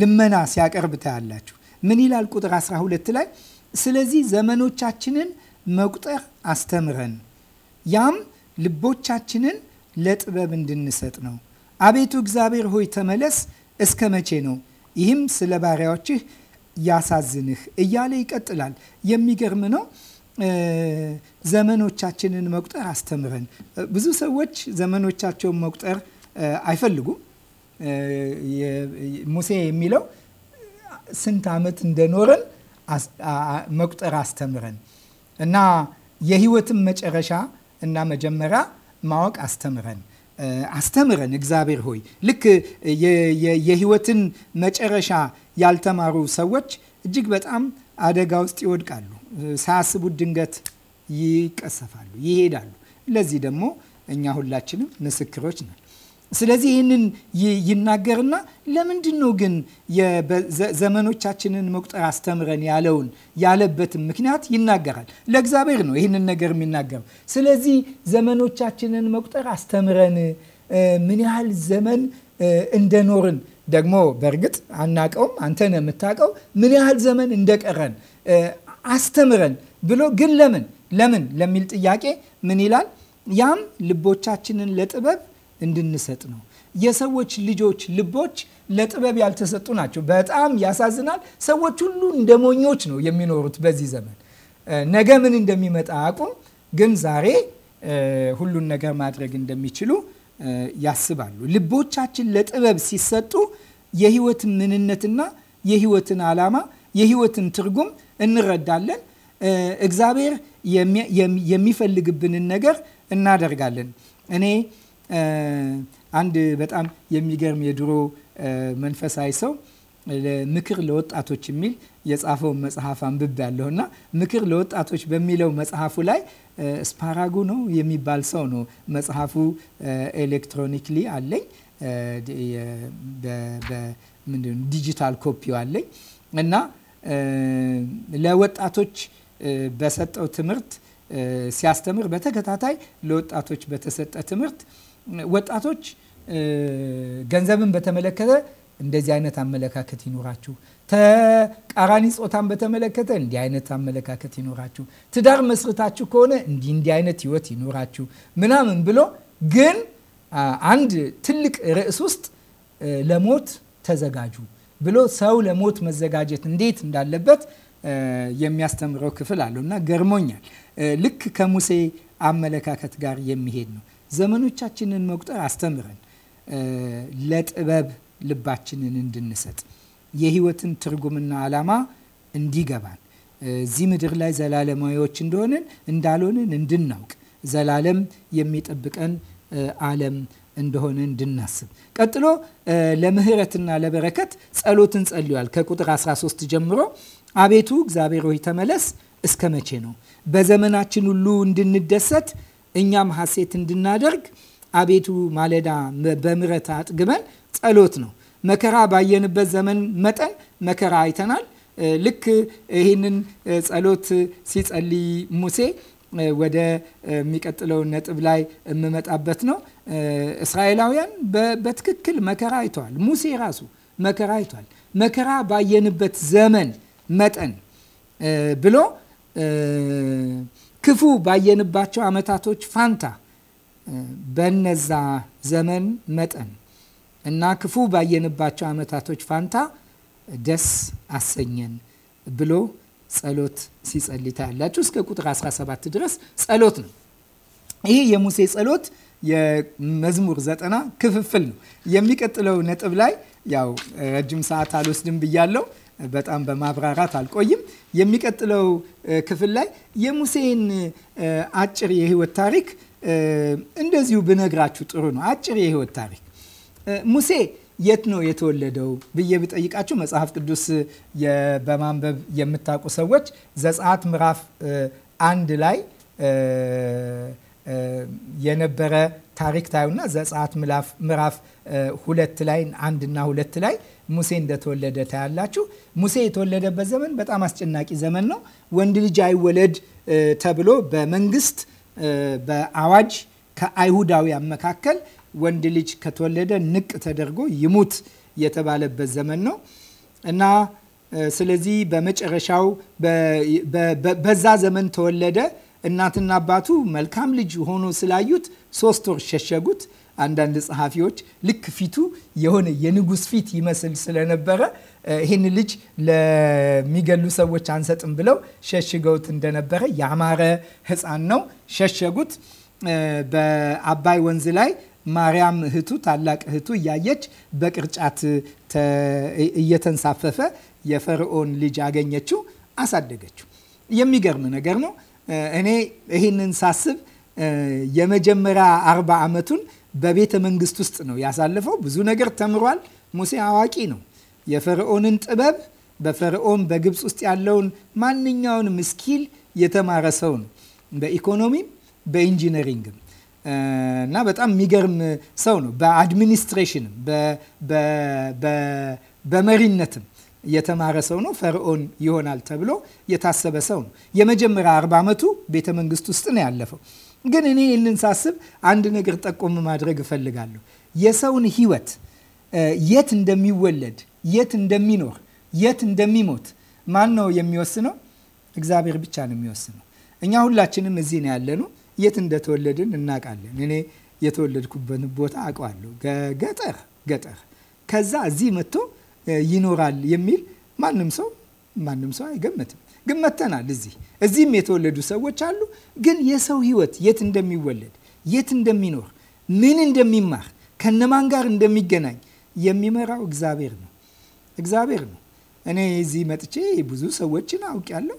ልመና ሲያቀርብ ታያላችሁ። ምን ይላል? ቁጥር 12 ላይ ስለዚህ ዘመኖቻችንን መቁጠር አስተምረን፣ ያም ልቦቻችንን ለጥበብ እንድንሰጥ ነው። አቤቱ እግዚአብሔር ሆይ ተመለስ፣ እስከ መቼ ነው? ይህም ስለ ባሪያዎችህ ያሳዝንህ እያለ ይቀጥላል። የሚገርም ነው። ዘመኖቻችንን መቁጠር አስተምረን። ብዙ ሰዎች ዘመኖቻቸውን መቁጠር አይፈልጉም። ሙሴ የሚለው ስንት ዓመት እንደኖረን መቁጠር አስተምረን እና የህይወትን መጨረሻ እና መጀመሪያ ማወቅ አስተምረን አስተምረን እግዚአብሔር ሆይ ልክ የህይወትን መጨረሻ ያልተማሩ ሰዎች እጅግ በጣም አደጋ ውስጥ ይወድቃሉ። ሳያስቡት ድንገት ይቀሰፋሉ፣ ይሄዳሉ። ለዚህ ደግሞ እኛ ሁላችንም ምስክሮች ነን። ስለዚህ ይህንን ይናገርና ለምንድን ነው ግን ዘመኖቻችንን መቁጠር አስተምረን ያለውን ያለበትን ምክንያት ይናገራል። ለእግዚአብሔር ነው ይህንን ነገር የሚናገረው። ስለዚህ ዘመኖቻችንን መቁጠር አስተምረን ምን ያህል ዘመን እንደኖርን ደግሞ በእርግጥ አናቀውም። አንተ ነው የምታውቀው ምን ያህል ዘመን እንደቀረን አስተምረን ብሎ ግን ለምን ለምን ለሚል ጥያቄ ምን ይላል? ያም ልቦቻችንን ለጥበብ እንድንሰጥ ነው። የሰዎች ልጆች ልቦች ለጥበብ ያልተሰጡ ናቸው። በጣም ያሳዝናል። ሰዎች ሁሉ እንደ ሞኞች ነው የሚኖሩት በዚህ ዘመን። ነገ ምን እንደሚመጣ አያውቁም፣ ግን ዛሬ ሁሉን ነገር ማድረግ እንደሚችሉ ያስባሉ። ልቦቻችን ለጥበብ ሲሰጡ የህይወትን ምንነትና የህይወትን ዓላማ የህይወትን ትርጉም እንረዳለን። እግዚአብሔር የሚፈልግብንን ነገር እናደርጋለን። እኔ አንድ በጣም የሚገርም የድሮ መንፈሳዊ ሰው ምክር ለወጣቶች የሚል የጻፈውን መጽሐፍ አንብብ ያለሁ እና ምክር ለወጣቶች በሚለው መጽሐፉ ላይ ስፓራጉ ነው የሚባል ሰው ነው መጽሐፉ ኤሌክትሮኒክሊ አለኝ ዲጂታል ኮፒው አለኝ እና ለወጣቶች በሰጠው ትምህርት ሲያስተምር በተከታታይ ለወጣቶች በተሰጠ ትምህርት ወጣቶች ገንዘብን በተመለከተ እንደዚህ አይነት አመለካከት ይኖራችሁ፣ ተቃራኒ ጾታን በተመለከተ እንዲህ አይነት አመለካከት ይኖራችሁ፣ ትዳር መስርታችሁ ከሆነ እንዲህ እንዲህ አይነት ህይወት ይኖራችሁ ምናምን ብሎ ግን አንድ ትልቅ ርዕስ ውስጥ ለሞት ተዘጋጁ ብሎ ሰው ለሞት መዘጋጀት እንዴት እንዳለበት የሚያስተምረው ክፍል አለው እና ገርሞኛል። ልክ ከሙሴ አመለካከት ጋር የሚሄድ ነው። ዘመኖቻችንን መቁጠር አስተምረን ለጥበብ ልባችንን እንድንሰጥ የህይወትን ትርጉምና ዓላማ እንዲገባን እዚህ ምድር ላይ ዘላለማዊዎች እንደሆንን እንዳልሆንን እንድናውቅ ዘላለም የሚጠብቀን ዓለም እንደሆነ እንድናስብ ቀጥሎ ለምህረትና ለበረከት ጸሎትን ጸልዋል። ከቁጥር 13 ጀምሮ አቤቱ እግዚአብሔር ሆይ ተመለስ። እስከ መቼ ነው? በዘመናችን ሁሉ እንድንደሰት እኛም ሐሴት እንድናደርግ አቤቱ ማለዳ በምረት አጥግበን ጸሎት ነው። መከራ ባየንበት ዘመን መጠን መከራ አይተናል። ልክ ይህንን ጸሎት ሲጸልይ ሙሴ ወደ የሚቀጥለው ነጥብ ላይ የምመጣበት ነው። እስራኤላውያን በትክክል መከራ አይተዋል። ሙሴ ራሱ መከራ አይተዋል። መከራ ባየንበት ዘመን መጠን ብሎ ክፉ ባየንባቸው ዓመታቶች ፋንታ በነዛ ዘመን መጠን እና ክፉ ባየንባቸው ዓመታቶች ፋንታ ደስ አሰኘን ብሎ ጸሎት ሲጸልይ ታያላችሁ። እስከ ቁጥር 17 ድረስ ጸሎት ነው። ይህ የሙሴ ጸሎት የመዝሙር ዘጠና ክፍፍል ነው። የሚቀጥለው ነጥብ ላይ ያው ረጅም ሰዓት አልወስድም ብያለው። በጣም በማብራራት አልቆይም። የሚቀጥለው ክፍል ላይ የሙሴን አጭር የህይወት ታሪክ እንደዚሁ ብነግራችሁ ጥሩ ነው። አጭር የህይወት ታሪክ ሙሴ የት ነው የተወለደው ብዬ ብጠይቃችሁ መጽሐፍ ቅዱስ በማንበብ የምታውቁ ሰዎች ዘጸአት ምዕራፍ አንድ ላይ የነበረ ታሪክ ታዩና ዘጸአት ምዕራፍ ሁለት ላይ አንድና ሁለት ላይ ሙሴ እንደተወለደ ታያላችሁ። ሙሴ የተወለደበት ዘመን በጣም አስጨናቂ ዘመን ነው። ወንድ ልጅ አይወለድ ተብሎ በመንግስት በአዋጅ ከአይሁዳውያን መካከል ወንድ ልጅ ከተወለደ ንቅ ተደርጎ ይሙት የተባለበት ዘመን ነው እና ስለዚህ በመጨረሻው በዛ ዘመን ተወለደ። እናትና አባቱ መልካም ልጅ ሆኖ ስላዩት ሶስት ወር ሸሸጉት። አንዳንድ ጸሐፊዎች ልክ ፊቱ የሆነ የንጉስ ፊት ይመስል ስለነበረ ይህን ልጅ ለሚገሉ ሰዎች አንሰጥም ብለው ሸሽገውት እንደነበረ ያማረ ህፃን ነው። ሸሸጉት። በአባይ ወንዝ ላይ ማርያም እህቱ ታላቅ እህቱ እያየች በቅርጫት እየተንሳፈፈ የፈርዖን ልጅ አገኘችው፣ አሳደገችው። የሚገርም ነገር ነው። እኔ ይህንን ሳስብ የመጀመሪያ አርባ ዓመቱን በቤተ መንግስት ውስጥ ነው ያሳለፈው። ብዙ ነገር ተምሯል። ሙሴ አዋቂ ነው። የፈርዖንን ጥበብ በፈርዖን በግብፅ ውስጥ ያለውን ማንኛውን ምስኪል የተማረ ሰው ነው በኢኮኖሚም በኢንጂነሪንግም እና በጣም የሚገርም ሰው ነው። በአድሚኒስትሬሽንም በመሪነትም የተማረ ሰው ነው። ፈርዖን ይሆናል ተብሎ የታሰበ ሰው ነው። የመጀመሪያ አርባ ዓመቱ ቤተ መንግስት ውስጥ ነው ያለፈው። ግን እኔ ይህንን ሳስብ አንድ ነገር ጠቆም ማድረግ እፈልጋለሁ። የሰውን ህይወት የት እንደሚወለድ፣ የት እንደሚኖር፣ የት እንደሚሞት ማን ነው የሚወስነው? እግዚአብሔር ብቻ ነው የሚወስነው። እኛ ሁላችንም እዚህ ነው ያለነው። የት እንደተወለድን እናውቃለን። እኔ የተወለድኩበት ቦታ አውቀዋለሁ። ገጠር ገጠር ከዛ እዚህ መጥቶ ይኖራል የሚል ማንም ሰው ማንም ሰው አይገምትም። ግን መተናል እዚህ እዚህም የተወለዱ ሰዎች አሉ። ግን የሰው ህይወት የት እንደሚወለድ የት እንደሚኖር ምን እንደሚማር ከነማን ጋር እንደሚገናኝ የሚመራው እግዚአብሔር ነው። እግዚአብሔር ነው። እኔ እዚህ መጥቼ ብዙ ሰዎችን አውቄያለሁ።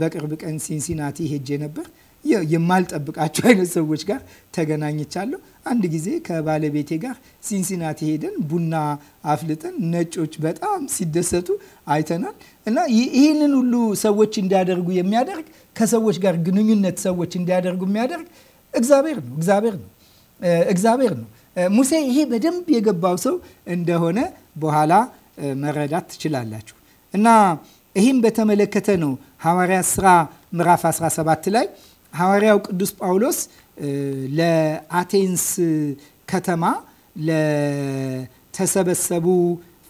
በቅርብ ቀን ሲንሲናቲ ሄጄ ነበር። የማልጠብቃቸው አይነት ሰዎች ጋር ተገናኝቻለሁ። አንድ ጊዜ ከባለቤቴ ጋር ሲንሲናቲ ሄደን ቡና አፍልጠን ነጮች በጣም ሲደሰቱ አይተናል። እና ይህንን ሁሉ ሰዎች እንዲያደርጉ የሚያደርግ ከሰዎች ጋር ግንኙነት ሰዎች እንዲያደርጉ የሚያደርግ እግዚአብሔር ነው። እግዚአብሔር ነው። እግዚአብሔር ነው። ሙሴ ይሄ በደንብ የገባው ሰው እንደሆነ በኋላ መረዳት ትችላላችሁ። እና ይህም በተመለከተ ነው ሐዋርያ ስራ ምዕራፍ 17 ላይ ሐዋርያው ቅዱስ ጳውሎስ ለአቴንስ ከተማ ለተሰበሰቡ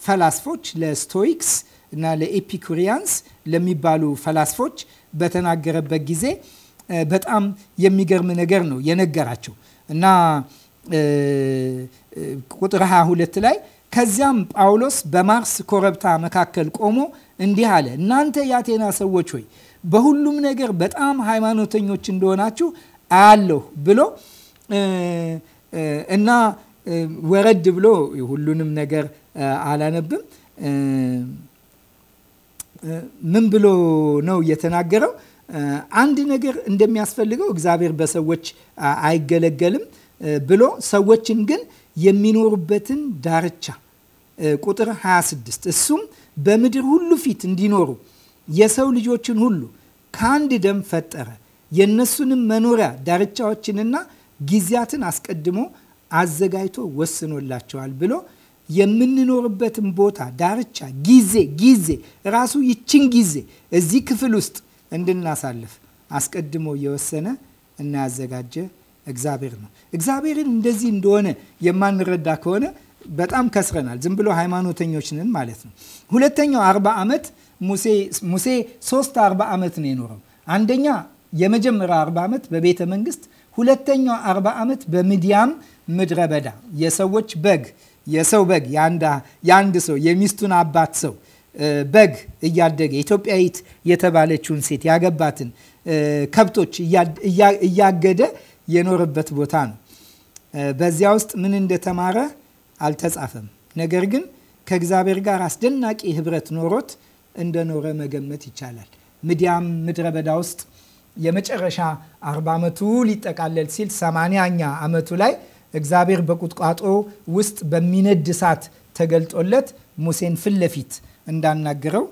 ፈላስፎች ለስቶይክስ እና ለኤፒኩሪያንስ ለሚባሉ ፈላስፎች በተናገረበት ጊዜ በጣም የሚገርም ነገር ነው የነገራቸው እና ቁጥር 22 ላይ ከዚያም ጳውሎስ በማርስ ኮረብታ መካከል ቆሞ እንዲህ አለ፣ እናንተ የአቴና ሰዎች ሆይ በሁሉም ነገር በጣም ሃይማኖተኞች እንደሆናችሁ አያለሁ ብሎ እና ወረድ ብሎ ሁሉንም ነገር አላነብም። ምን ብሎ ነው እየተናገረው? አንድ ነገር እንደሚያስፈልገው እግዚአብሔር በሰዎች አይገለገልም ብሎ ሰዎችን ግን የሚኖሩበትን ዳርቻ ቁጥር 26 እሱም በምድር ሁሉ ፊት እንዲኖሩ የሰው ልጆችን ሁሉ ከአንድ ደም ፈጠረ የእነሱንም መኖሪያ ዳርቻዎችንና ጊዜያትን አስቀድሞ አዘጋጅቶ ወስኖላቸዋል ብሎ የምንኖርበትን ቦታ ዳርቻ፣ ጊዜ ጊዜ ራሱ ይችን ጊዜ እዚህ ክፍል ውስጥ እንድናሳልፍ አስቀድሞ የወሰነ እና ያዘጋጀ እግዚአብሔር ነው። እግዚአብሔርን እንደዚህ እንደሆነ የማንረዳ ከሆነ በጣም ከስረናል። ዝም ብሎ ሃይማኖተኞች ነን ማለት ነው። ሁለተኛው አርባ ዓመት ሙሴ ሶስት አርባ ዓመት ነው የኖረው። አንደኛ የመጀመሪያው 40 ዓመት በቤተ መንግስት፣ ሁለተኛው 40 ዓመት በምድያም ምድረ በዳ የሰዎች በግ የሰው በግ የአንድ ሰው የሚስቱን አባት ሰው በግ እያደገ ኢትዮጵያዊት የተባለችውን ሴት ያገባትን ከብቶች እያገደ የኖረበት ቦታ ነው። በዚያ ውስጥ ምን እንደተማረ አልተጻፈም። ነገር ግን ከእግዚአብሔር ጋር አስደናቂ ህብረት ኖሮት እንደኖረ መገመት ይቻላል። ምድያም ምድረ በዳ ውስጥ የመጨረሻ አርባ ዓመቱ ሊጠቃለል ሲል 80ኛ ዓመቱ ላይ እግዚአብሔር በቁጥቋጦ ውስጥ በሚነድ እሳት ተገልጦለት ሙሴን ፊት ለፊት እንዳናገረው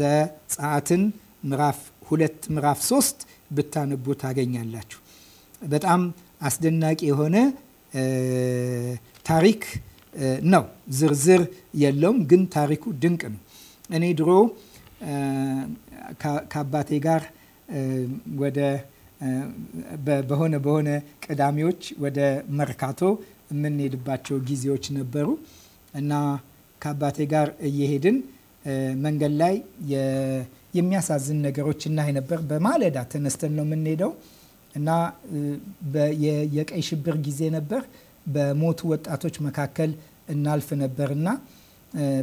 ዘጸአትን ምዕራፍ ሁለት ምዕራፍ ሶስት ብታነቡ ታገኛላችሁ። በጣም አስደናቂ የሆነ ታሪክ ነው። ዝርዝር የለውም፣ ግን ታሪኩ ድንቅ ነው። እኔ ድሮ ከአባቴ ጋር ወደ በሆነ በሆነ ቅዳሜዎች ወደ መርካቶ የምንሄድባቸው ጊዜዎች ነበሩ እና ከአባቴ ጋር እየሄድን መንገድ ላይ የሚያሳዝን ነገሮች እናይ ነበር። በማለዳ ተነስተን ነው የምንሄደው እና የቀይ ሽብር ጊዜ ነበር። በሞቱ ወጣቶች መካከል እናልፍ ነበር እና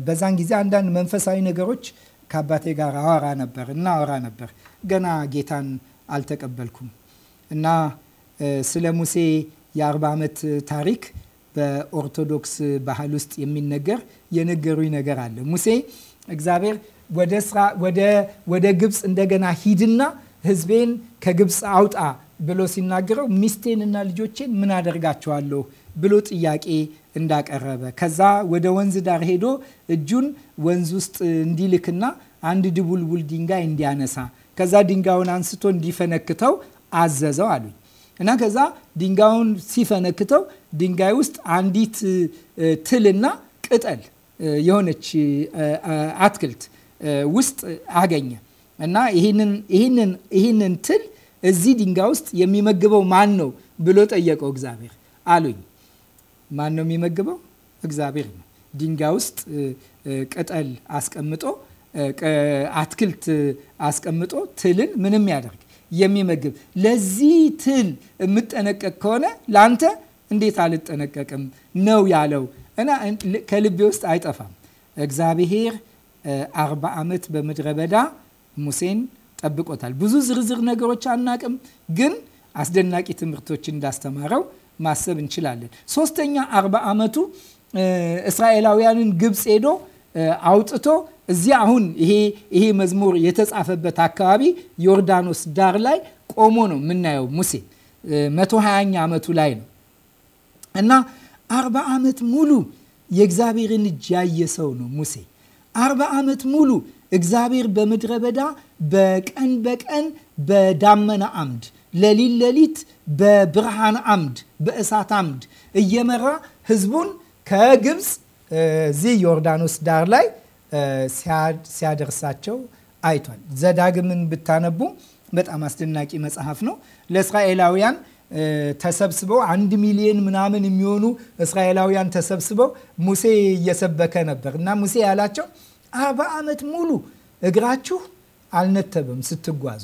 በዛን ጊዜ አንዳንድ መንፈሳዊ ነገሮች ከአባቴ ጋር አወራ ነበር እና አወራ ነበር። ገና ጌታን አልተቀበልኩም እና ስለ ሙሴ የአርባ ዓመት ታሪክ በኦርቶዶክስ ባህል ውስጥ የሚነገር የነገሩኝ ነገር አለ። ሙሴ እግዚአብሔር ወደ ግብፅ እንደገና ሂድና ህዝቤን ከግብፅ አውጣ ብሎ ሲናገረው ሚስቴንና ልጆቼን ምን አደርጋቸዋለሁ ብሎ ጥያቄ እንዳቀረበ ከዛ ወደ ወንዝ ዳር ሄዶ እጁን ወንዝ ውስጥ እንዲልክና አንድ ድቡልቡል ድንጋይ እንዲያነሳ ከዛ ድንጋዩን አንስቶ እንዲፈነክተው አዘዘው አሉኝ እና ከዛ ድንጋዩን ሲፈነክተው ድንጋይ ውስጥ አንዲት ትልና ቅጠል የሆነች አትክልት ውስጥ አገኘ እና ይህንን ትል እዚህ ድንጋይ ውስጥ የሚመግበው ማን ነው ብሎ ጠየቀው እግዚአብሔር አሉኝ ማን ነው የሚመግበው? እግዚአብሔር ነው። ድንጋይ ውስጥ ቅጠል አስቀምጦ አትክልት አስቀምጦ ትልን ምንም ያደርግ የሚመግብ ለዚህ ትል የምጠነቀቅ ከሆነ ለአንተ እንዴት አልጠነቀቅም ነው ያለው እና ከልቤ ውስጥ አይጠፋም። እግዚአብሔር አርባ ዓመት በምድረ በዳ ሙሴን ጠብቆታል። ብዙ ዝርዝር ነገሮች አናቅም፣ ግን አስደናቂ ትምህርቶች እንዳስተማረው ማሰብ እንችላለን። ሶስተኛ አርባ ዓመቱ እስራኤላውያንን ግብፅ ሄዶ አውጥቶ እዚያ አሁን ይሄ ይሄ መዝሙር የተጻፈበት አካባቢ ዮርዳኖስ ዳር ላይ ቆሞ ነው የምናየው ሙሴ መቶ ኛ ዓመቱ ላይ ነው እና አርባ ዓመት ሙሉ የእግዚአብሔርን እጅ ያየ ሰው ነው ሙሴ አርባ ዓመት ሙሉ እግዚአብሔር በምድረ በዳ በቀን በቀን በዳመና አምድ ለሊት ለሊት በብርሃን አምድ በእሳት አምድ እየመራ ህዝቡን ከግብፅ እዚህ ዮርዳኖስ ዳር ላይ ሲያደርሳቸው አይቷል። ዘዳግምን ብታነቡ በጣም አስደናቂ መጽሐፍ ነው። ለእስራኤላውያን ተሰብስበው አንድ ሚሊዮን ምናምን የሚሆኑ እስራኤላውያን ተሰብስበው ሙሴ እየሰበከ ነበር እና ሙሴ ያላቸው አርባ ዓመት ሙሉ እግራችሁ አልነተበም ስትጓዙ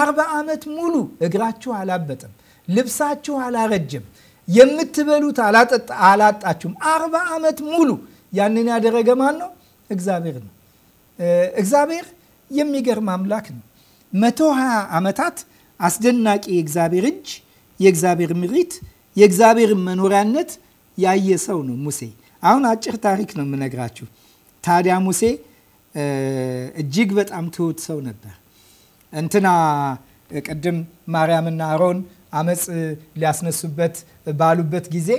አርባ ዓመት ሙሉ እግራችሁ አላበጠም፣ ልብሳችሁ አላረጀም፣ የምትበሉት አላጣችሁም። አርባ ዓመት ሙሉ ያንን ያደረገ ማን ነው? እግዚአብሔር ነው። እግዚአብሔር የሚገርም አምላክ ነው። መቶ ሀያ ዓመታት አስደናቂ የእግዚአብሔር እጅ፣ የእግዚአብሔር ምሪት፣ የእግዚአብሔር መኖሪያነት ያየ ሰው ነው ሙሴ። አሁን አጭር ታሪክ ነው የምነግራችሁ። ታዲያ ሙሴ እጅግ በጣም ትሁት ሰው ነበር። እንትና ቅድም ማርያምና አሮን አመፅ ሊያስነሱበት ባሉበት ጊዜ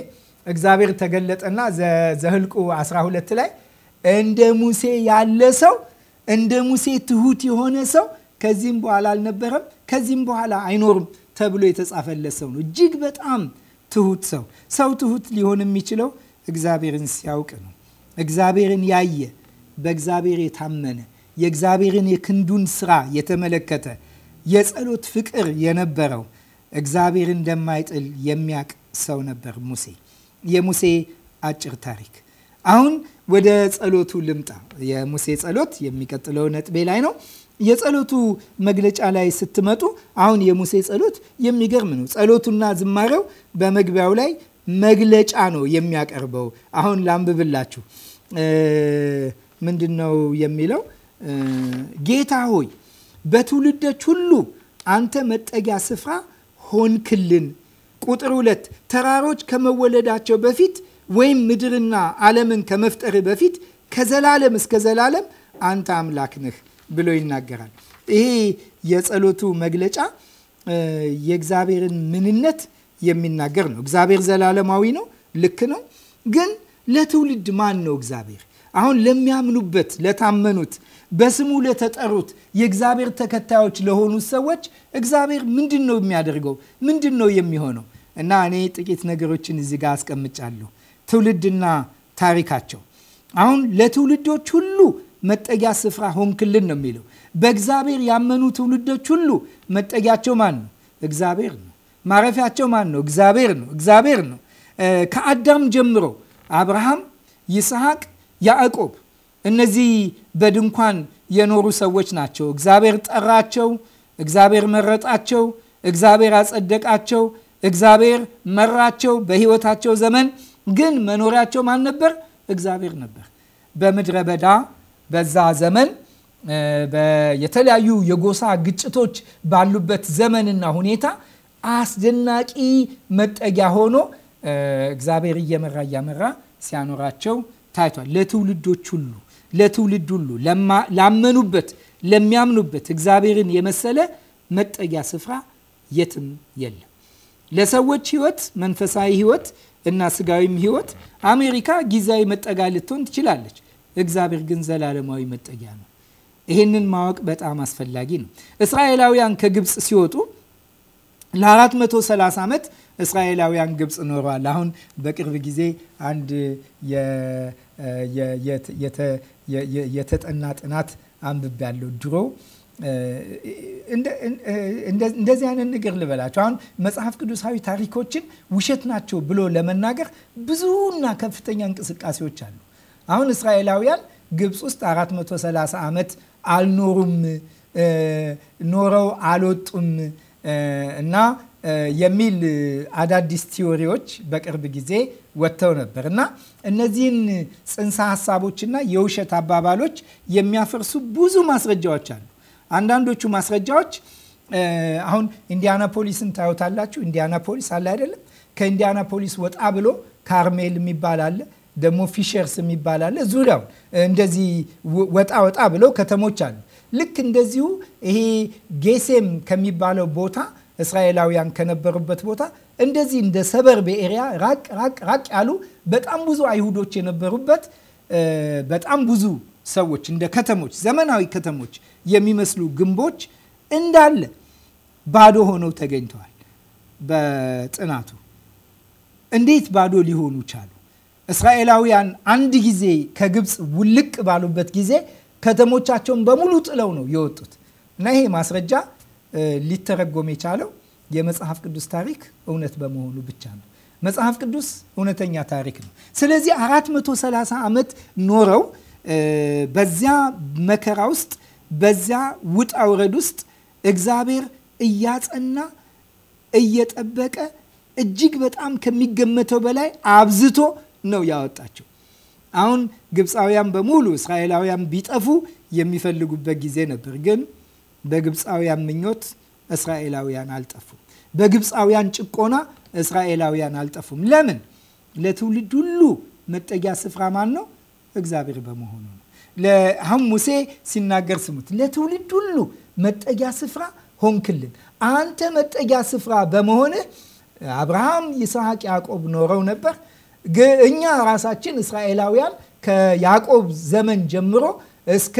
እግዚአብሔር ተገለጠና ዘህልቁ 12 ላይ እንደ ሙሴ ያለ ሰው እንደ ሙሴ ትሁት የሆነ ሰው ከዚህም በኋላ አልነበረም፣ ከዚህም በኋላ አይኖርም ተብሎ የተጻፈለት ሰው ነው። እጅግ በጣም ትሁት ሰው። ሰው ትሁት ሊሆን የሚችለው እግዚአብሔርን ሲያውቅ ነው። እግዚአብሔርን ያየ፣ በእግዚአብሔር የታመነ የእግዚአብሔርን የክንዱን ስራ የተመለከተ የጸሎት ፍቅር የነበረው እግዚአብሔር እንደማይጥል የሚያቅ ሰው ነበር ሙሴ። የሙሴ አጭር ታሪክ። አሁን ወደ ጸሎቱ ልምጣ። የሙሴ ጸሎት የሚቀጥለው ነጥቤ ላይ ነው። የጸሎቱ መግለጫ ላይ ስትመጡ አሁን የሙሴ ጸሎት የሚገርም ነው። ጸሎቱና ዝማሬው በመግቢያው ላይ መግለጫ ነው የሚያቀርበው። አሁን ላንብብላችሁ። ምንድን ነው የሚለው? ጌታ ሆይ በትውልዶች ሁሉ አንተ መጠጊያ ስፍራ ሆንክልን። ቁጥር ሁለት ተራሮች ከመወለዳቸው በፊት ወይም ምድርና ዓለምን ከመፍጠር በፊት ከዘላለም እስከ ዘላለም አንተ አምላክ ነህ ብሎ ይናገራል። ይሄ የጸሎቱ መግለጫ የእግዚአብሔርን ምንነት የሚናገር ነው። እግዚአብሔር ዘላለማዊ ነው፣ ልክ ነው። ግን ለትውልድ ማን ነው እግዚአብሔር? አሁን ለሚያምኑበት ለታመኑት በስሙ ለተጠሩት የእግዚአብሔር ተከታዮች ለሆኑት ሰዎች እግዚአብሔር ምንድን ነው የሚያደርገው? ምንድን ነው የሚሆነው? እና እኔ ጥቂት ነገሮችን እዚህ ጋር አስቀምጫለሁ። ትውልድና ታሪካቸው አሁን ለትውልዶች ሁሉ መጠጊያ ስፍራ ሆንክልን ነው የሚለው። በእግዚአብሔር ያመኑ ትውልዶች ሁሉ መጠጊያቸው ማን ነው? እግዚአብሔር ነው። ማረፊያቸው ማን ነው? እግዚአብሔር ነው። እግዚአብሔር ነው። ከአዳም ጀምሮ አብርሃም፣ ይስሐቅ፣ ያዕቆብ እነዚህ በድንኳን የኖሩ ሰዎች ናቸው። እግዚአብሔር ጠራቸው፣ እግዚአብሔር መረጣቸው፣ እግዚአብሔር አጸደቃቸው፣ እግዚአብሔር መራቸው። በህይወታቸው ዘመን ግን መኖሪያቸው ማን ነበር? እግዚአብሔር ነበር። በምድረ በዳ በዛ ዘመን የተለያዩ የጎሳ ግጭቶች ባሉበት ዘመንና ሁኔታ አስደናቂ መጠጊያ ሆኖ እግዚአብሔር እየመራ እያመራ ሲያኖራቸው ታይቷል ለትውልዶች ሁሉ ለትውልድ ሁሉ ላመኑበት፣ ለሚያምኑበት እግዚአብሔርን የመሰለ መጠጊያ ስፍራ የትም የለም። ለሰዎች ህይወት፣ መንፈሳዊ ህይወት እና ስጋዊም ህይወት አሜሪካ ጊዜያዊ መጠጊያ ልትሆን ትችላለች። እግዚአብሔር ግን ዘላለማዊ መጠጊያ ነው። ይህንን ማወቅ በጣም አስፈላጊ ነው። እስራኤላውያን ከግብፅ ሲወጡ ለ430 ዓመት እስራኤላውያን ግብፅ ኖረዋል። አሁን በቅርብ ጊዜ አንድ የተጠና ጥናት አንብብ ያለው ድሮ እንደዚህ አይነት ነገር ልበላቸው። አሁን መጽሐፍ ቅዱሳዊ ታሪኮችን ውሸት ናቸው ብሎ ለመናገር ብዙና ከፍተኛ እንቅስቃሴዎች አሉ። አሁን እስራኤላውያን ግብፅ ውስጥ 430 ዓመት አልኖሩም፣ ኖረው አልወጡም እና የሚል አዳዲስ ቲዎሪዎች በቅርብ ጊዜ ወጥተው ነበር እና እነዚህን ጽንሰ ሀሳቦችና የውሸት አባባሎች የሚያፈርሱ ብዙ ማስረጃዎች አሉ። አንዳንዶቹ ማስረጃዎች አሁን ኢንዲያናፖሊስን ታዩታላችሁ። ኢንዲያናፖሊስ አለ አይደለም? ከኢንዲያናፖሊስ ወጣ ብሎ ካርሜል የሚባል አለ፣ ደግሞ ፊሸርስ የሚባል አለ። ዙሪያው እንደዚህ ወጣ ወጣ ብለው ከተሞች አሉ። ልክ እንደዚሁ ይሄ ጌሴም ከሚባለው ቦታ እስራኤላውያን ከነበሩበት ቦታ እንደዚህ እንደ ሰበር ኤሪያ ራቅ ራቅ ራቅ ያሉ በጣም ብዙ አይሁዶች የነበሩበት በጣም ብዙ ሰዎች እንደ ከተሞች ዘመናዊ ከተሞች የሚመስሉ ግንቦች እንዳለ ባዶ ሆነው ተገኝተዋል። በጥናቱ እንዴት ባዶ ሊሆኑ ቻሉ? እስራኤላውያን አንድ ጊዜ ከግብፅ ውልቅ ባሉበት ጊዜ ከተሞቻቸውን በሙሉ ጥለው ነው የወጡት እና ይሄ ማስረጃ ሊተረጎም የቻለው የመጽሐፍ ቅዱስ ታሪክ እውነት በመሆኑ ብቻ ነው። መጽሐፍ ቅዱስ እውነተኛ ታሪክ ነው። ስለዚህ 430 ዓመት ኖረው በዚያ መከራ ውስጥ በዚያ ውጣ ውረድ ውስጥ እግዚአብሔር እያጸና እየጠበቀ እጅግ በጣም ከሚገመተው በላይ አብዝቶ ነው ያወጣቸው። አሁን ግብፃውያን በሙሉ እስራኤላውያን ቢጠፉ የሚፈልጉበት ጊዜ ነበር ግን በግብፃውያን ምኞት እስራኤላውያን አልጠፉም። በግብፃውያን ጭቆና እስራኤላውያን አልጠፉም። ለምን? ለትውልድ ሁሉ መጠጊያ ስፍራ ማን ነው? እግዚአብሔር በመሆኑ ነው። ለአሁን ሙሴ ሲናገር ስሙት። ለትውልድ ሁሉ መጠጊያ ስፍራ ሆንክልን። አንተ መጠጊያ ስፍራ በመሆንህ አብርሃም፣ ይስሐቅ፣ ያዕቆብ ኖረው ነበር። እኛ ራሳችን እስራኤላውያን ከያዕቆብ ዘመን ጀምሮ እስከ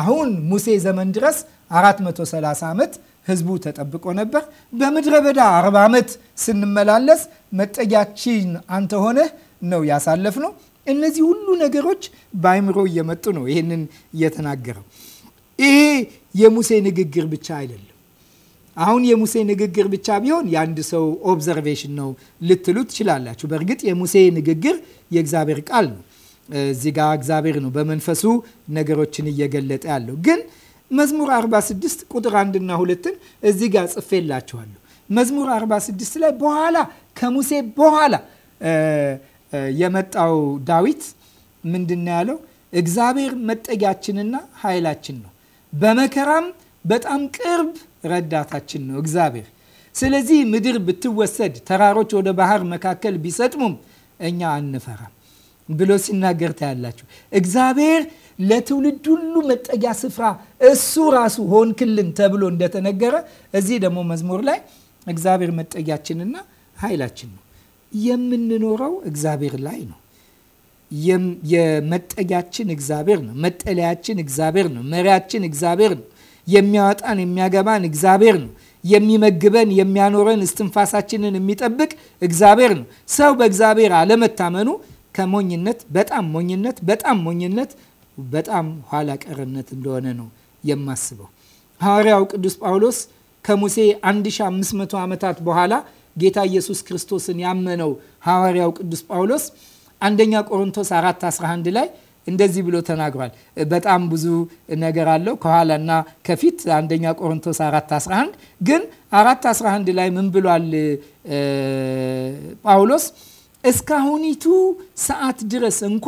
አሁን ሙሴ ዘመን ድረስ 430 ዓመት ህዝቡ ተጠብቆ ነበር። በምድረ በዳ 40 ዓመት ስንመላለስ መጠጊያችን አንተ ሆነህ ነው ያሳለፍ ነው። እነዚህ ሁሉ ነገሮች በአይምሮ እየመጡ ነው ይህንን እየተናገረው። ይሄ የሙሴ ንግግር ብቻ አይደለም። አሁን የሙሴ ንግግር ብቻ ቢሆን የአንድ ሰው ኦብዘርቬሽን ነው ልትሉ ትችላላችሁ። በእርግጥ የሙሴ ንግግር የእግዚአብሔር ቃል ነው። እዚህ ጋር እግዚአብሔር ነው በመንፈሱ ነገሮችን እየገለጠ ያለው ግን መዝሙር 46 ቁጥር አንድና ሁለትን እዚህ ጋር ጽፌላችኋለሁ። መዝሙር 46 ላይ በኋላ ከሙሴ በኋላ የመጣው ዳዊት ምንድን ያለው? እግዚአብሔር መጠጊያችንና ኃይላችን ነው፣ በመከራም በጣም ቅርብ ረዳታችን ነው እግዚአብሔር። ስለዚህ ምድር ብትወሰድ፣ ተራሮች ወደ ባህር መካከል ቢሰጥሙም እኛ አንፈራም። ብሎ ሲናገር ታያላችሁ። እግዚአብሔር ለትውልድ ሁሉ መጠጊያ ስፍራ እሱ ራሱ ሆንክልን ተብሎ እንደተነገረ እዚህ ደግሞ መዝሙር ላይ እግዚአብሔር መጠጊያችንና ኃይላችን ነው። የምንኖረው እግዚአብሔር ላይ ነው። የመጠጊያችን እግዚአብሔር ነው። መጠለያችን እግዚአብሔር ነው። መሪያችን እግዚአብሔር ነው። የሚያወጣን የሚያገባን እግዚአብሔር ነው። የሚመግበን የሚያኖረን እስትንፋሳችንን የሚጠብቅ እግዚአብሔር ነው። ሰው በእግዚአብሔር አለመታመኑ ከሞኝነት በጣም ሞኝነት በጣም ሞኝነት በጣም ኋላ ቀርነት እንደሆነ ነው የማስበው። ሐዋርያው ቅዱስ ጳውሎስ ከሙሴ 1500 ዓመታት በኋላ ጌታ ኢየሱስ ክርስቶስን ያመነው ሐዋርያው ቅዱስ ጳውሎስ አንደኛ ቆሮንቶስ 4 11 ላይ እንደዚህ ብሎ ተናግሯል። በጣም ብዙ ነገር አለው ከኋላና ከፊት አንደኛ ቆሮንቶስ 4 11 ግን 4 11 ላይ ምን ብሏል ጳውሎስ? እስካሁኒቱ ሰዓት ድረስ እንኳ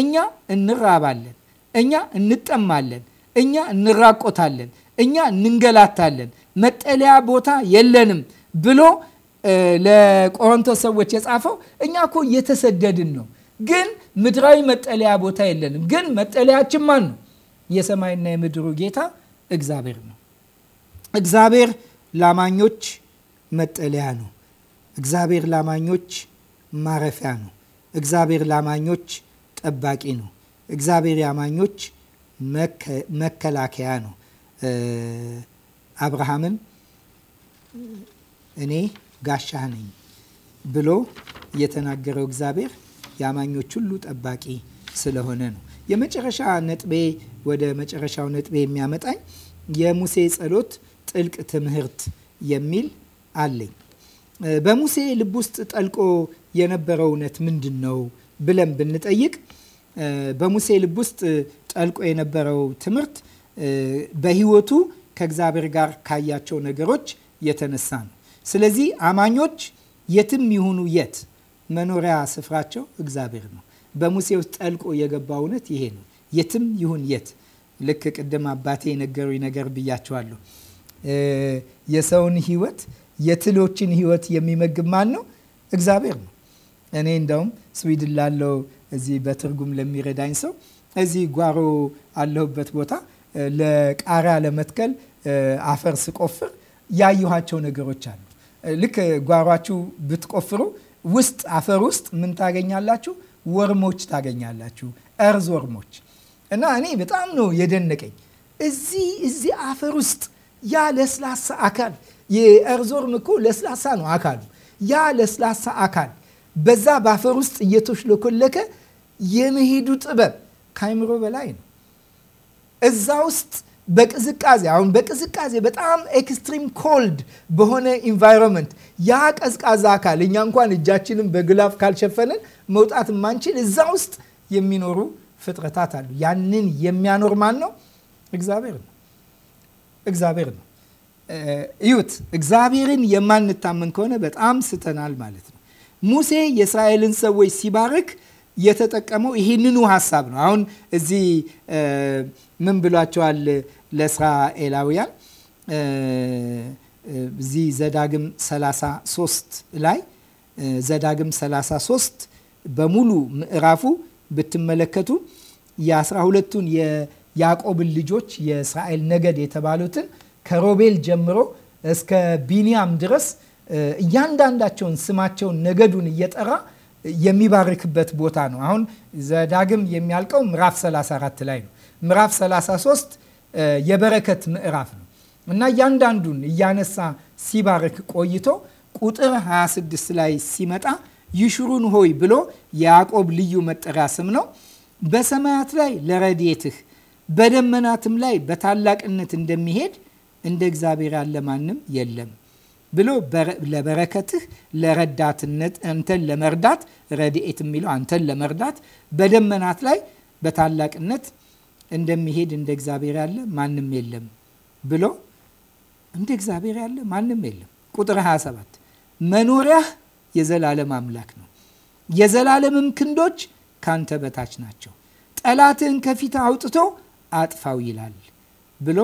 እኛ እንራባለን፣ እኛ እንጠማለን፣ እኛ እንራቆታለን፣ እኛ እንንገላታለን፣ መጠለያ ቦታ የለንም ብሎ ለቆሮንቶስ ሰዎች የጻፈው እኛ እኮ እየተሰደድን ነው፣ ግን ምድራዊ መጠለያ ቦታ የለንም። ግን መጠለያችን ማን ነው? የሰማይና የምድሩ ጌታ እግዚአብሔር ነው። እግዚአብሔር ላማኞች መጠለያ ነው። እግዚአብሔር ላማኞች ማረፊያ ነው። እግዚአብሔር ለአማኞች ጠባቂ ነው። እግዚአብሔር የአማኞች መከላከያ ነው። አብርሃምም እኔ ጋሻህ ነኝ ብሎ የተናገረው እግዚአብሔር የአማኞች ሁሉ ጠባቂ ስለሆነ ነው። የመጨረሻ ነጥቤ ወደ መጨረሻው ነጥቤ የሚያመጣኝ የሙሴ ጸሎት ጥልቅ ትምህርት የሚል አለኝ። በሙሴ ልብ ውስጥ ጠልቆ የነበረው እውነት ምንድን ነው ብለን ብንጠይቅ በሙሴ ልብ ውስጥ ጠልቆ የነበረው ትምህርት በሕይወቱ ከእግዚአብሔር ጋር ካያቸው ነገሮች የተነሳ ነው። ስለዚህ አማኞች የትም ይሁኑ የት መኖሪያ ስፍራቸው እግዚአብሔር ነው። በሙሴ ውስጥ ጠልቆ የገባ እውነት ይሄ ነው። የትም ይሁን የት ልክ ቅድም አባቴ የነገሩኝ ነገር ብያቸዋለሁ። የሰውን ሕይወት የትሎችን ሕይወት የሚመግብ ማን ነው? እግዚአብሔር ነው። እኔ እንደውም ስዊድን ላለው እዚህ በትርጉም ለሚረዳኝ ሰው እዚህ ጓሮ አለሁበት ቦታ ለቃሪያ ለመትከል አፈር ስቆፍር ያየኋቸው ነገሮች አሉ። ልክ ጓሯችሁ ብትቆፍሩ ውስጥ አፈር ውስጥ ምን ታገኛላችሁ? ወርሞች ታገኛላችሁ፣ እርዝ ወርሞች እና እኔ በጣም ነው የደነቀኝ። እዚህ እዚህ አፈር ውስጥ ያ ለስላሳ አካል የእርዝ ወርም እኮ ለስላሳ ነው አካሉ ያ ለስላሳ አካል በዛ በአፈር ውስጥ እየተሽለኮለከ የመሄዱ ጥበብ ከአይምሮ በላይ ነው። እዛ ውስጥ በቅዝቃዜ አሁን በቅዝቃዜ በጣም ኤክስትሪም ኮልድ በሆነ ኢንቫይሮንመንት ያ ቀዝቃዛ አካል እኛ እንኳን እጃችንን በግላፍ ካልሸፈንን መውጣት የማንችል እዛ ውስጥ የሚኖሩ ፍጥረታት አሉ። ያንን የሚያኖር ማን ነው? እግዚአብሔር ነው። እግዚአብሔር ነው። እዩት። እግዚአብሔርን የማንታመን ከሆነ በጣም ስተናል ማለት ነው። ሙሴ የእስራኤልን ሰዎች ሲባርክ የተጠቀመው ይህንኑ ሀሳብ ነው። አሁን እዚህ ምን ብሏቸዋል? ለእስራኤላውያን እዚህ ዘዳግም 33 ላይ ዘዳግም 33 በሙሉ ምዕራፉ ብትመለከቱ የአስራ ሁለቱን የያዕቆብን ልጆች የእስራኤል ነገድ የተባሉትን ከሮቤል ጀምሮ እስከ ቢንያም ድረስ እያንዳንዳቸውን ስማቸውን ነገዱን እየጠራ የሚባርክበት ቦታ ነው። አሁን ዘዳግም የሚያልቀው ምዕራፍ 34 ላይ ነው። ምዕራፍ 33 የበረከት ምዕራፍ ነው እና እያንዳንዱን እያነሳ ሲባርክ ቆይቶ ቁጥር 26 ላይ ሲመጣ ይሽሩን ሆይ ብሎ የያዕቆብ ልዩ መጠሪያ ስም ነው። በሰማያት ላይ ለረድኤትህ በደመናትም ላይ በታላቅነት እንደሚሄድ እንደ እግዚአብሔር ያለ ማንም የለም ብሎ ለበረከትህ ለረዳትነት አንተን ለመርዳት ረድኤት የሚለው አንተን ለመርዳት በደመናት ላይ በታላቅነት እንደሚሄድ እንደ እግዚአብሔር ያለ ማንም የለም ብሎ እንደ እግዚአብሔር ያለ ማንም የለም። ቁጥር 27 መኖሪያህ የዘላለም አምላክ ነው፣ የዘላለምም ክንዶች ካንተ በታች ናቸው። ጠላትህን ከፊት አውጥቶ አጥፋው ይላል ብሎ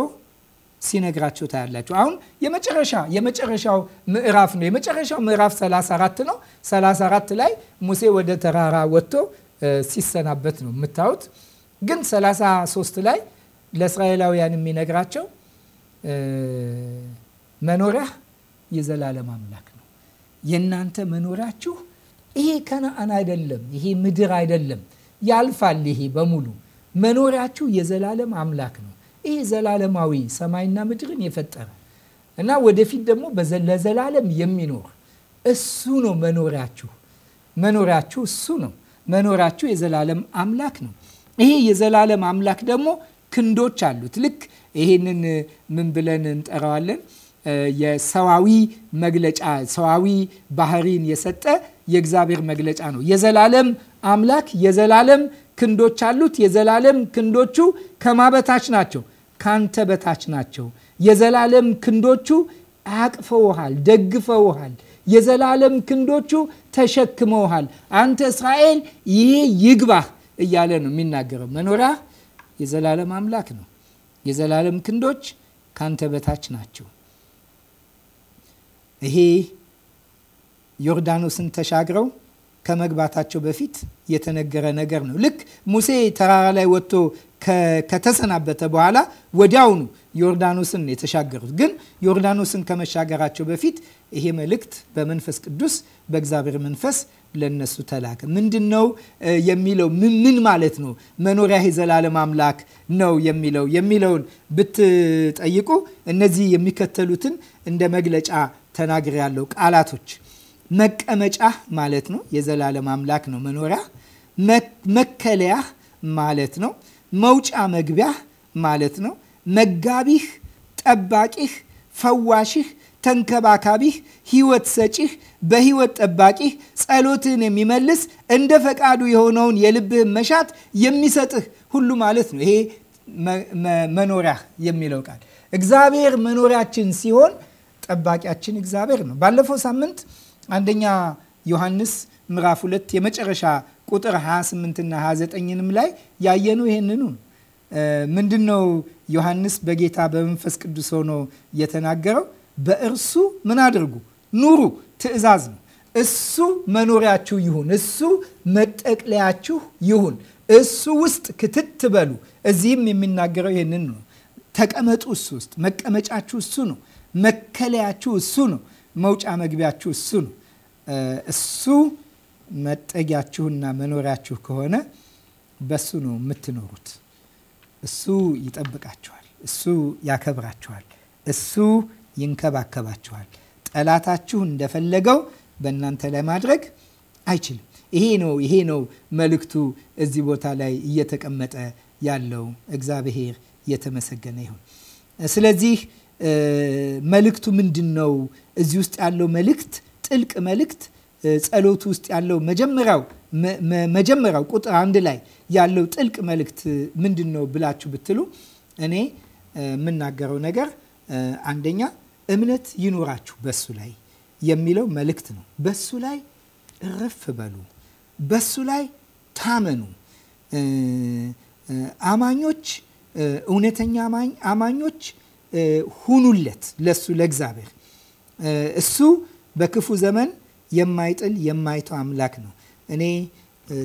ሲነግራቸው ታያላችሁ። አሁን የመጨረሻ የመጨረሻው ምዕራፍ ነው። የመጨረሻው ምዕራፍ 34 ነው። 34 ላይ ሙሴ ወደ ተራራ ወጥቶ ሲሰናበት ነው የምታዩት። ግን 33 ላይ ለእስራኤላውያን የሚነግራቸው መኖሪያ የዘላለም አምላክ ነው። የእናንተ መኖሪያችሁ ይሄ ከነአን አይደለም፣ ይሄ ምድር አይደለም፣ ያልፋል። ይሄ በሙሉ መኖሪያችሁ የዘላለም አምላክ ነው ይህ ዘላለማዊ ሰማይና ምድርን የፈጠረ እና ወደፊት ደግሞ ለዘላለም የሚኖር እሱ ነው መኖሪያችሁ። መኖሪያችሁ እሱ ነው። መኖሪያችሁ የዘላለም አምላክ ነው። ይሄ የዘላለም አምላክ ደግሞ ክንዶች አሉት። ልክ ይሄንን ምን ብለን እንጠራዋለን? የሰዋዊ መግለጫ ሰዋዊ ባህሪን የሰጠ የእግዚአብሔር መግለጫ ነው። የዘላለም አምላክ የዘላለም ክንዶች አሉት። የዘላለም ክንዶቹ ከማበታች ናቸው፣ ካንተ በታች ናቸው። የዘላለም ክንዶቹ አቅፈውሃል፣ ደግፈውሃል። የዘላለም ክንዶቹ ተሸክመውሃል። አንተ እስራኤል ይሄ ይግባህ እያለ ነው የሚናገረው። መኖሪያ የዘላለም አምላክ ነው። የዘላለም ክንዶች ካንተ በታች ናቸው። ይሄ ዮርዳኖስን ተሻግረው ከመግባታቸው በፊት የተነገረ ነገር ነው። ልክ ሙሴ ተራራ ላይ ወጥቶ ከተሰናበተ በኋላ ወዲያውኑ ዮርዳኖስን የተሻገሩት። ግን ዮርዳኖስን ከመሻገራቸው በፊት ይሄ መልእክት በመንፈስ ቅዱስ በእግዚአብሔር መንፈስ ለነሱ ተላከ። ምንድን ነው የሚለው? ምን ማለት ነው? መኖሪያ የዘላለም አምላክ ነው የሚለው የሚለውን ብትጠይቁ እነዚህ የሚከተሉትን እንደ መግለጫ ተናግር ያለው ቃላቶች መቀመጫ ማለት ነው። የዘላለም አምላክ ነው መኖሪያ። መከለያ ማለት ነው መውጫ መግቢያህ ማለት ነው። መጋቢህ፣ ጠባቂህ፣ ፈዋሽህ፣ ተንከባካቢህ፣ ህይወት ሰጪህ፣ በህይወት ጠባቂህ፣ ጸሎትህን የሚመልስ እንደ ፈቃዱ የሆነውን የልብህን መሻት የሚሰጥህ ሁሉ ማለት ነው። ይሄ መኖሪያ የሚለው ቃል እግዚአብሔር መኖሪያችን ሲሆን ጠባቂያችን እግዚአብሔር ነው። ባለፈው ሳምንት አንደኛ ዮሐንስ ምዕራፍ ሁለት የመጨረሻ ቁጥር 28 እና 29ንም ላይ ያየኑ ይህንኑ ምንድን ነው ዮሐንስ በጌታ በመንፈስ ቅዱስ ሆኖ የተናገረው? በእርሱ ምን አድርጉ ኑሩ ትእዛዝ ነው። እሱ መኖሪያችሁ ይሁን፣ እሱ መጠቅለያችሁ ይሁን፣ እሱ ውስጥ ክትት በሉ። እዚህም የሚናገረው ይህንን ነው። ተቀመጡ እሱ ውስጥ። መቀመጫችሁ እሱ ነው። መከለያችሁ እሱ ነው። መውጫ መግቢያችሁ እሱ ነው። እሱ መጠጊያችሁና መኖሪያችሁ ከሆነ በሱ ነው የምትኖሩት። እሱ ይጠብቃችኋል፣ እሱ ያከብራችኋል፣ እሱ ይንከባከባችኋል። ጠላታችሁ እንደፈለገው በእናንተ ላይ ማድረግ አይችልም። ይሄ ነው ይሄ ነው መልእክቱ እዚህ ቦታ ላይ እየተቀመጠ ያለው። እግዚአብሔር እየተመሰገነ ይሁን። ስለዚህ መልእክቱ ምንድን ነው? እዚህ ውስጥ ያለው መልእክት ጥልቅ መልእክት ጸሎት ውስጥ ያለው መጀመሪያው መጀመሪያው ቁጥር አንድ ላይ ያለው ጥልቅ መልእክት ምንድን ነው ብላችሁ ብትሉ እኔ የምናገረው ነገር አንደኛ እምነት ይኖራችሁ በሱ ላይ የሚለው መልእክት ነው። በሱ ላይ እረፍ በሉ፣ በሱ ላይ ታመኑ። አማኞች እውነተኛ አማኞች ሁኑለት ለሱ ለእግዚአብሔር እሱ በክፉ ዘመን የማይጥል የማይተው አምላክ ነው። እኔ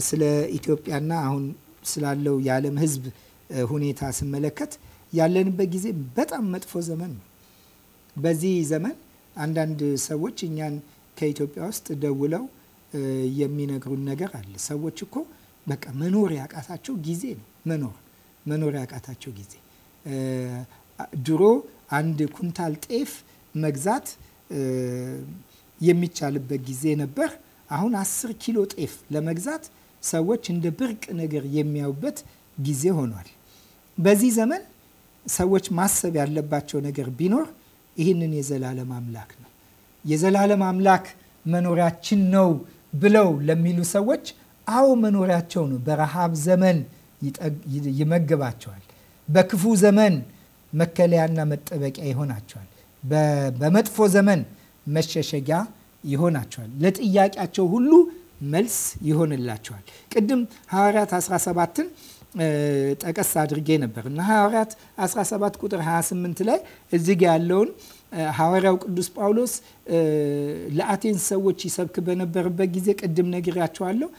ስለ ኢትዮጵያና አሁን ስላለው የዓለም ሕዝብ ሁኔታ ስመለከት ያለንበት ጊዜ በጣም መጥፎ ዘመን ነው። በዚህ ዘመን አንዳንድ ሰዎች እኛን ከኢትዮጵያ ውስጥ ደውለው የሚነግሩን ነገር አለ። ሰዎች እኮ በቃ መኖር ያቃታቸው ጊዜ ነው። መኖር መኖር ያቃታቸው ጊዜ ድሮ አንድ ኩንታል ጤፍ መግዛት የሚቻልበት ጊዜ ነበር። አሁን 10 ኪሎ ጤፍ ለመግዛት ሰዎች እንደ ብርቅ ነገር የሚያዩበት ጊዜ ሆኗል። በዚህ ዘመን ሰዎች ማሰብ ያለባቸው ነገር ቢኖር ይህንን የዘላለም አምላክ ነው። የዘላለም አምላክ መኖሪያችን ነው ብለው ለሚሉ ሰዎች አዎ መኖሪያቸው ነው። በረሃብ ዘመን ይመግባቸዋል። በክፉ ዘመን መከለያና መጠበቂያ ይሆናቸዋል። በመጥፎ ዘመን መሸሸጊያ ይሆናቸዋል። ለጥያቄያቸው ሁሉ መልስ ይሆንላቸዋል። ቅድም ሐዋርያት 17ን ጠቀስ አድርጌ ነበር እና ሐዋርያት 17 ቁጥር 28 ላይ እዚህ ያለውን ሐዋርያው ቅዱስ ጳውሎስ ለአቴንስ ሰዎች ይሰብክ በነበረበት ጊዜ ቅድም ነግሬያቸዋለሁ።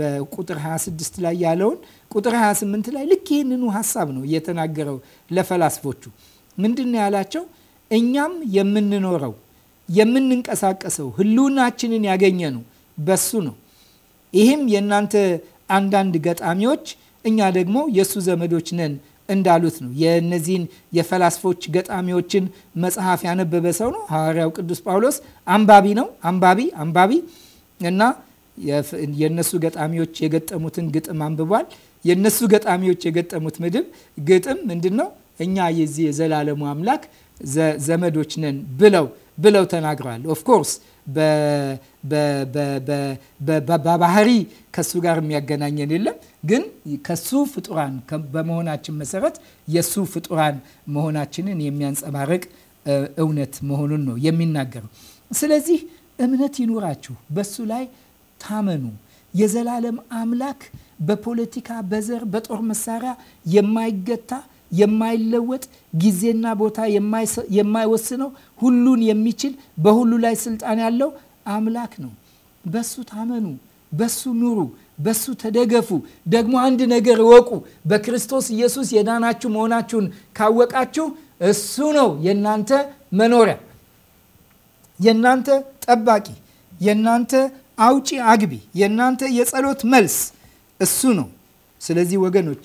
በቁጥር 26 ላይ ያለውን ቁጥር 28 ላይ ልክ ይህንኑ ሀሳብ ነው እየተናገረው ለፈላስፎቹ ምንድን ነው ያላቸው? እኛም የምንኖረው የምንንቀሳቀሰው ህልውናችንን ነው በሱ ነው። ይህም የእናንተ አንዳንድ ገጣሚዎች እኛ ደግሞ የእሱ ዘመዶች ነን እንዳሉት ነው። የእነዚህን የፈላስፎች ገጣሚዎችን መጽሐፍ ያነበበ ሰው ነው ሐዋርያው ቅዱስ ጳውሎስ። አንባቢ ነው፣ አንባቢ አንባቢ እና የእነሱ ገጣሚዎች የገጠሙትን ግጥም አንብቧል። የእነሱ ገጣሚዎች የገጠሙት ምድብ ግጥም ምንድን ነው? እኛ የዚህ የዘላለሙ አምላክ ዘመዶች ነን ብለው ብለው ተናግረዋል። ኦፍኮርስ በባህሪ ከሱ ጋር የሚያገናኘን የለም፣ ግን ከሱ ፍጡራን በመሆናችን መሰረት የሱ ፍጡራን መሆናችንን የሚያንጸባርቅ እውነት መሆኑን ነው የሚናገረው። ስለዚህ እምነት ይኑራችሁ፣ በሱ ላይ ታመኑ። የዘላለም አምላክ በፖለቲካ፣ በዘር፣ በጦር መሳሪያ የማይገታ የማይለወጥ ጊዜና ቦታ የማይወስነው ሁሉን የሚችል በሁሉ ላይ ስልጣን ያለው አምላክ ነው። በሱ ታመኑ፣ በሱ ኑሩ፣ በሱ ተደገፉ። ደግሞ አንድ ነገር እወቁ። በክርስቶስ ኢየሱስ የዳናችሁ መሆናችሁን ካወቃችሁ እሱ ነው የእናንተ መኖሪያ፣ የእናንተ ጠባቂ፣ የእናንተ አውጪ አግቢ፣ የእናንተ የጸሎት መልስ እሱ ነው። ስለዚህ ወገኖች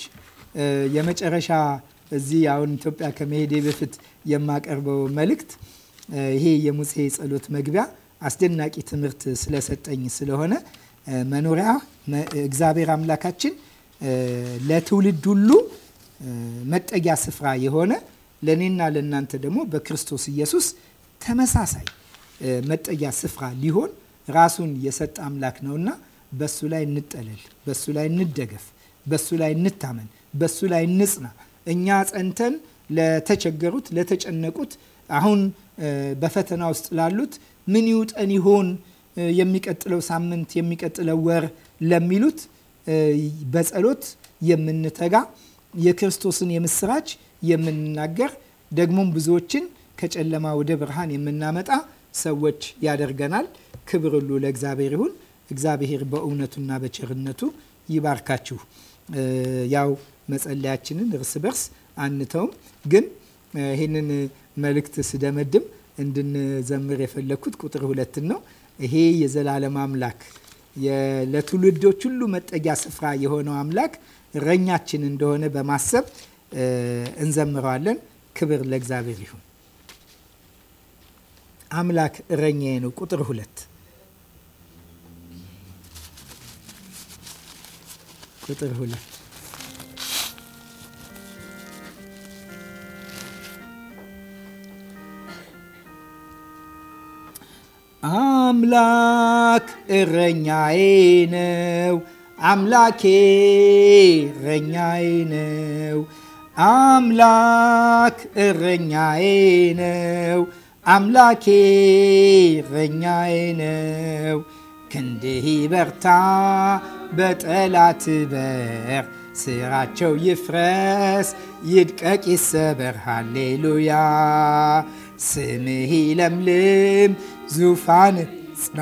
የመጨረሻ እዚህ አሁን ኢትዮጵያ ከመሄዴ በፊት የማቀርበው መልእክት ይሄ የሙሴ ጸሎት መግቢያ አስደናቂ ትምህርት ስለሰጠኝ ስለሆነ መኖሪያ እግዚአብሔር አምላካችን ለትውልድ ሁሉ መጠጊያ ስፍራ የሆነ ለእኔና ለእናንተ ደግሞ በክርስቶስ ኢየሱስ ተመሳሳይ መጠጊያ ስፍራ ሊሆን ራሱን የሰጠ አምላክ ነውና በሱ ላይ እንጠለል፣ በሱ ላይ እንደገፍ፣ በሱ ላይ እንታመን፣ በሱ ላይ እንጽና። እኛ ጸንተን ለተቸገሩት፣ ለተጨነቁት፣ አሁን በፈተና ውስጥ ላሉት ምን ይውጠን ይሆን የሚቀጥለው ሳምንት፣ የሚቀጥለው ወር ለሚሉት በጸሎት የምንተጋ የክርስቶስን የምስራች የምንናገር ደግሞም ብዙዎችን ከጨለማ ወደ ብርሃን የምናመጣ ሰዎች ያደርገናል። ክብር ሁሉ ለእግዚአብሔር ይሁን። እግዚአብሔር በእውነቱና በቸርነቱ ይባርካችሁ። ያው መጸለያችንን እርስ በርስ አንተውም። ግን ይህንን መልእክት ስደመድም እንድንዘምር የፈለግኩት ቁጥር ሁለትን ነው። ይሄ የዘላለም አምላክ ለትውልዶች ሁሉ መጠጊያ ስፍራ የሆነው አምላክ እረኛችን እንደሆነ በማሰብ እንዘምረዋለን። ክብር ለእግዚአብሔር ይሁን። አምላክ እረኛዬ ነው። ቁጥር ሁለት ቁጥር ሁለት አምላክ እረኛዬ ነው፣ አምላኬ እረኛዬ ነው፣ አምላክ እረኛዬ ነው፣ አምላኬ እረኛዬ ነው። ክንድህ በርታ በጠላት በር፣ ስራቸው ይፍረስ፣ ይድቀቅ፣ ይሰበር። ሃሌሉያ ስምህ ለምልም ዙፋን ጽና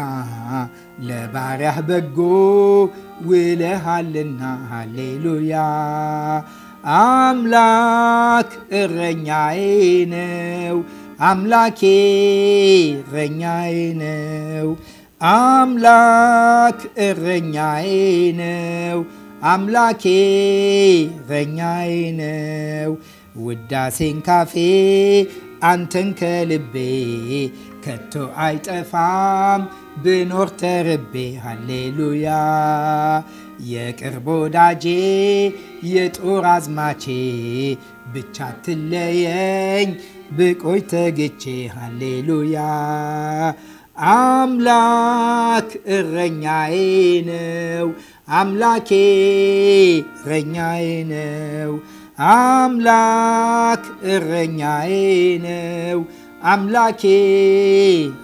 ለባሪያህ በጎ ውለሃልና፣ ሃሌሉያ አምላክ እረኛዬ ነው። አምላኬ እረኛዬ ነው። አምላክ እረኛዬ ነው። አምላኬ እረኛዬ ነው። ውዳሴን ካፌ አንተን ከልቤ ከቶ አይጠፋም ብኖር ተርቤ ሃሌሉያ የቅርብ ወዳጄ የጦር አዝማቼ ብቻ ትለየኝ ብቆይ ተግቼ ሃሌሉያ አምላክ እረኛዬ ነው አምላኬ እረኛዬ ነው አምላክ እረኛዬ ነው፣ አምላኬ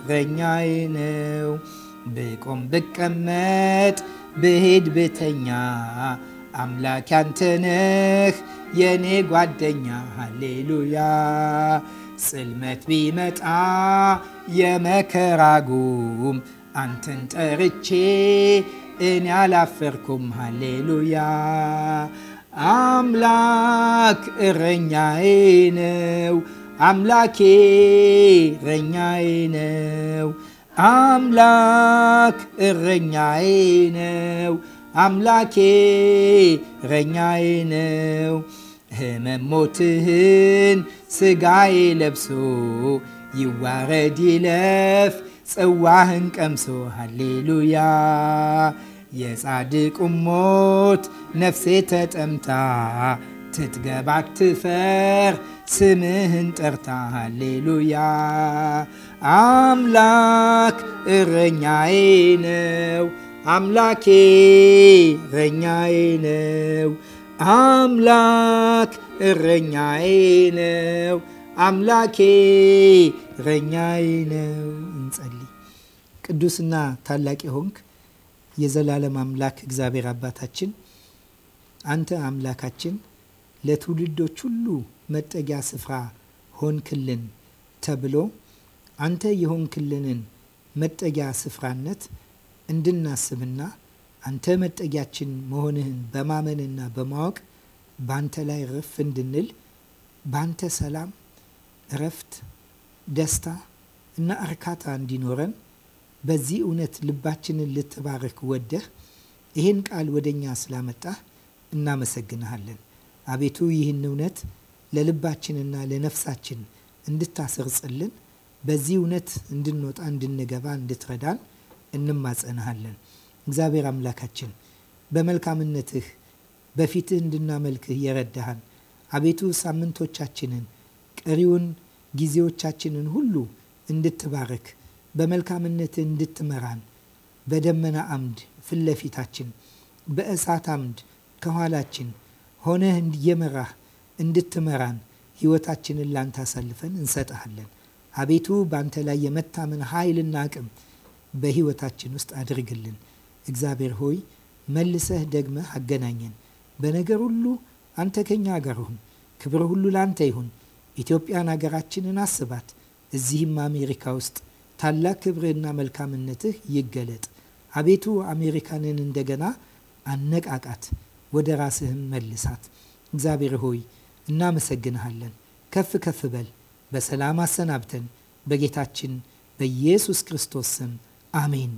እረኛዬ ነው። ብቆም ብቀመጥ፣ ብሄድ ብተኛ፣ አምላክ አንተነህ የኔ ጓደኛ። ሃሌሉያ ጽልመት ቢመጣ የመከራ ጉም አንተን ጠርቼ እኔ አላፈርኩም። ሃሌሉያ አምላክ እረኛዬ ነው። አምላኬ እረኛዬ ነው። አምላክ እረኛዬ ነው። አምላኬ እረኛዬ ነው። ሕመም ሞትህን ለብሶ ይዋረድ ይለፍ ጽዋህን ቀምሶ ሃሌሉያ የጻድቁ ሞት ነፍሴ ተጠምታ ትትገባ ትፈር ስምህን ጠርታ ሃሌሉያ አምላክ እረኛዬ ነው አምላኬ እረኛዬ ነው አምላክ እረኛዬ ነው አምላኬ እረኛዬ ነው። እንጸልይ። ቅዱስና ታላቅ የሆንክ የዘላለም አምላክ እግዚአብሔር አባታችን አንተ አምላካችን ለትውልዶች ሁሉ መጠጊያ ስፍራ ሆንክልን ተብሎ አንተ የሆንክልንን መጠጊያ ስፍራነት እንድናስብና አንተ መጠጊያችን መሆንህን በማመንና በማወቅ በአንተ ላይ ረፍ እንድንል በአንተ ሰላም፣ እረፍት፣ ደስታ እና እርካታ እንዲኖረን በዚህ እውነት ልባችንን ልትባርክ ወደህ ይህን ቃል ወደ እኛ ስላመጣህ እናመሰግንሃለን። አቤቱ ይህን እውነት ለልባችንና ለነፍሳችን እንድታሰርጽልን በዚህ እውነት እንድንወጣ እንድንገባ እንድትረዳን እንማጸንሃለን። እግዚአብሔር አምላካችን በመልካምነትህ በፊትህ እንድናመልክህ የረዳሃን አቤቱ ሳምንቶቻችንን ቀሪውን ጊዜዎቻችንን ሁሉ እንድትባርክ በመልካምነት እንድትመራን በደመና አምድ ፊት ለፊታችን በእሳት አምድ ከኋላችን ሆነህ እየመራህ እንድትመራን ህይወታችንን ላንተ አሳልፈን እንሰጥሃለን። አቤቱ በአንተ ላይ የመታመን ኃይልና አቅም በህይወታችን ውስጥ አድርግልን። እግዚአብሔር ሆይ መልሰህ ደግመህ አገናኘን። በነገር ሁሉ አንተ ከኛ ጋር ሁን። ክብር ሁሉ ላንተ ይሁን። ኢትዮጵያን አገራችንን አስባት። እዚህም አሜሪካ ውስጥ ታላቅ ክብርህና መልካምነትህ ይገለጥ። አቤቱ አሜሪካንን እንደገና አነቃቃት፣ ወደ ራስህም መልሳት። እግዚአብሔር ሆይ እናመሰግንሃለን። ከፍ ከፍ በል፣ በሰላም አሰናብተን። በጌታችን በኢየሱስ ክርስቶስ ስም አሜን።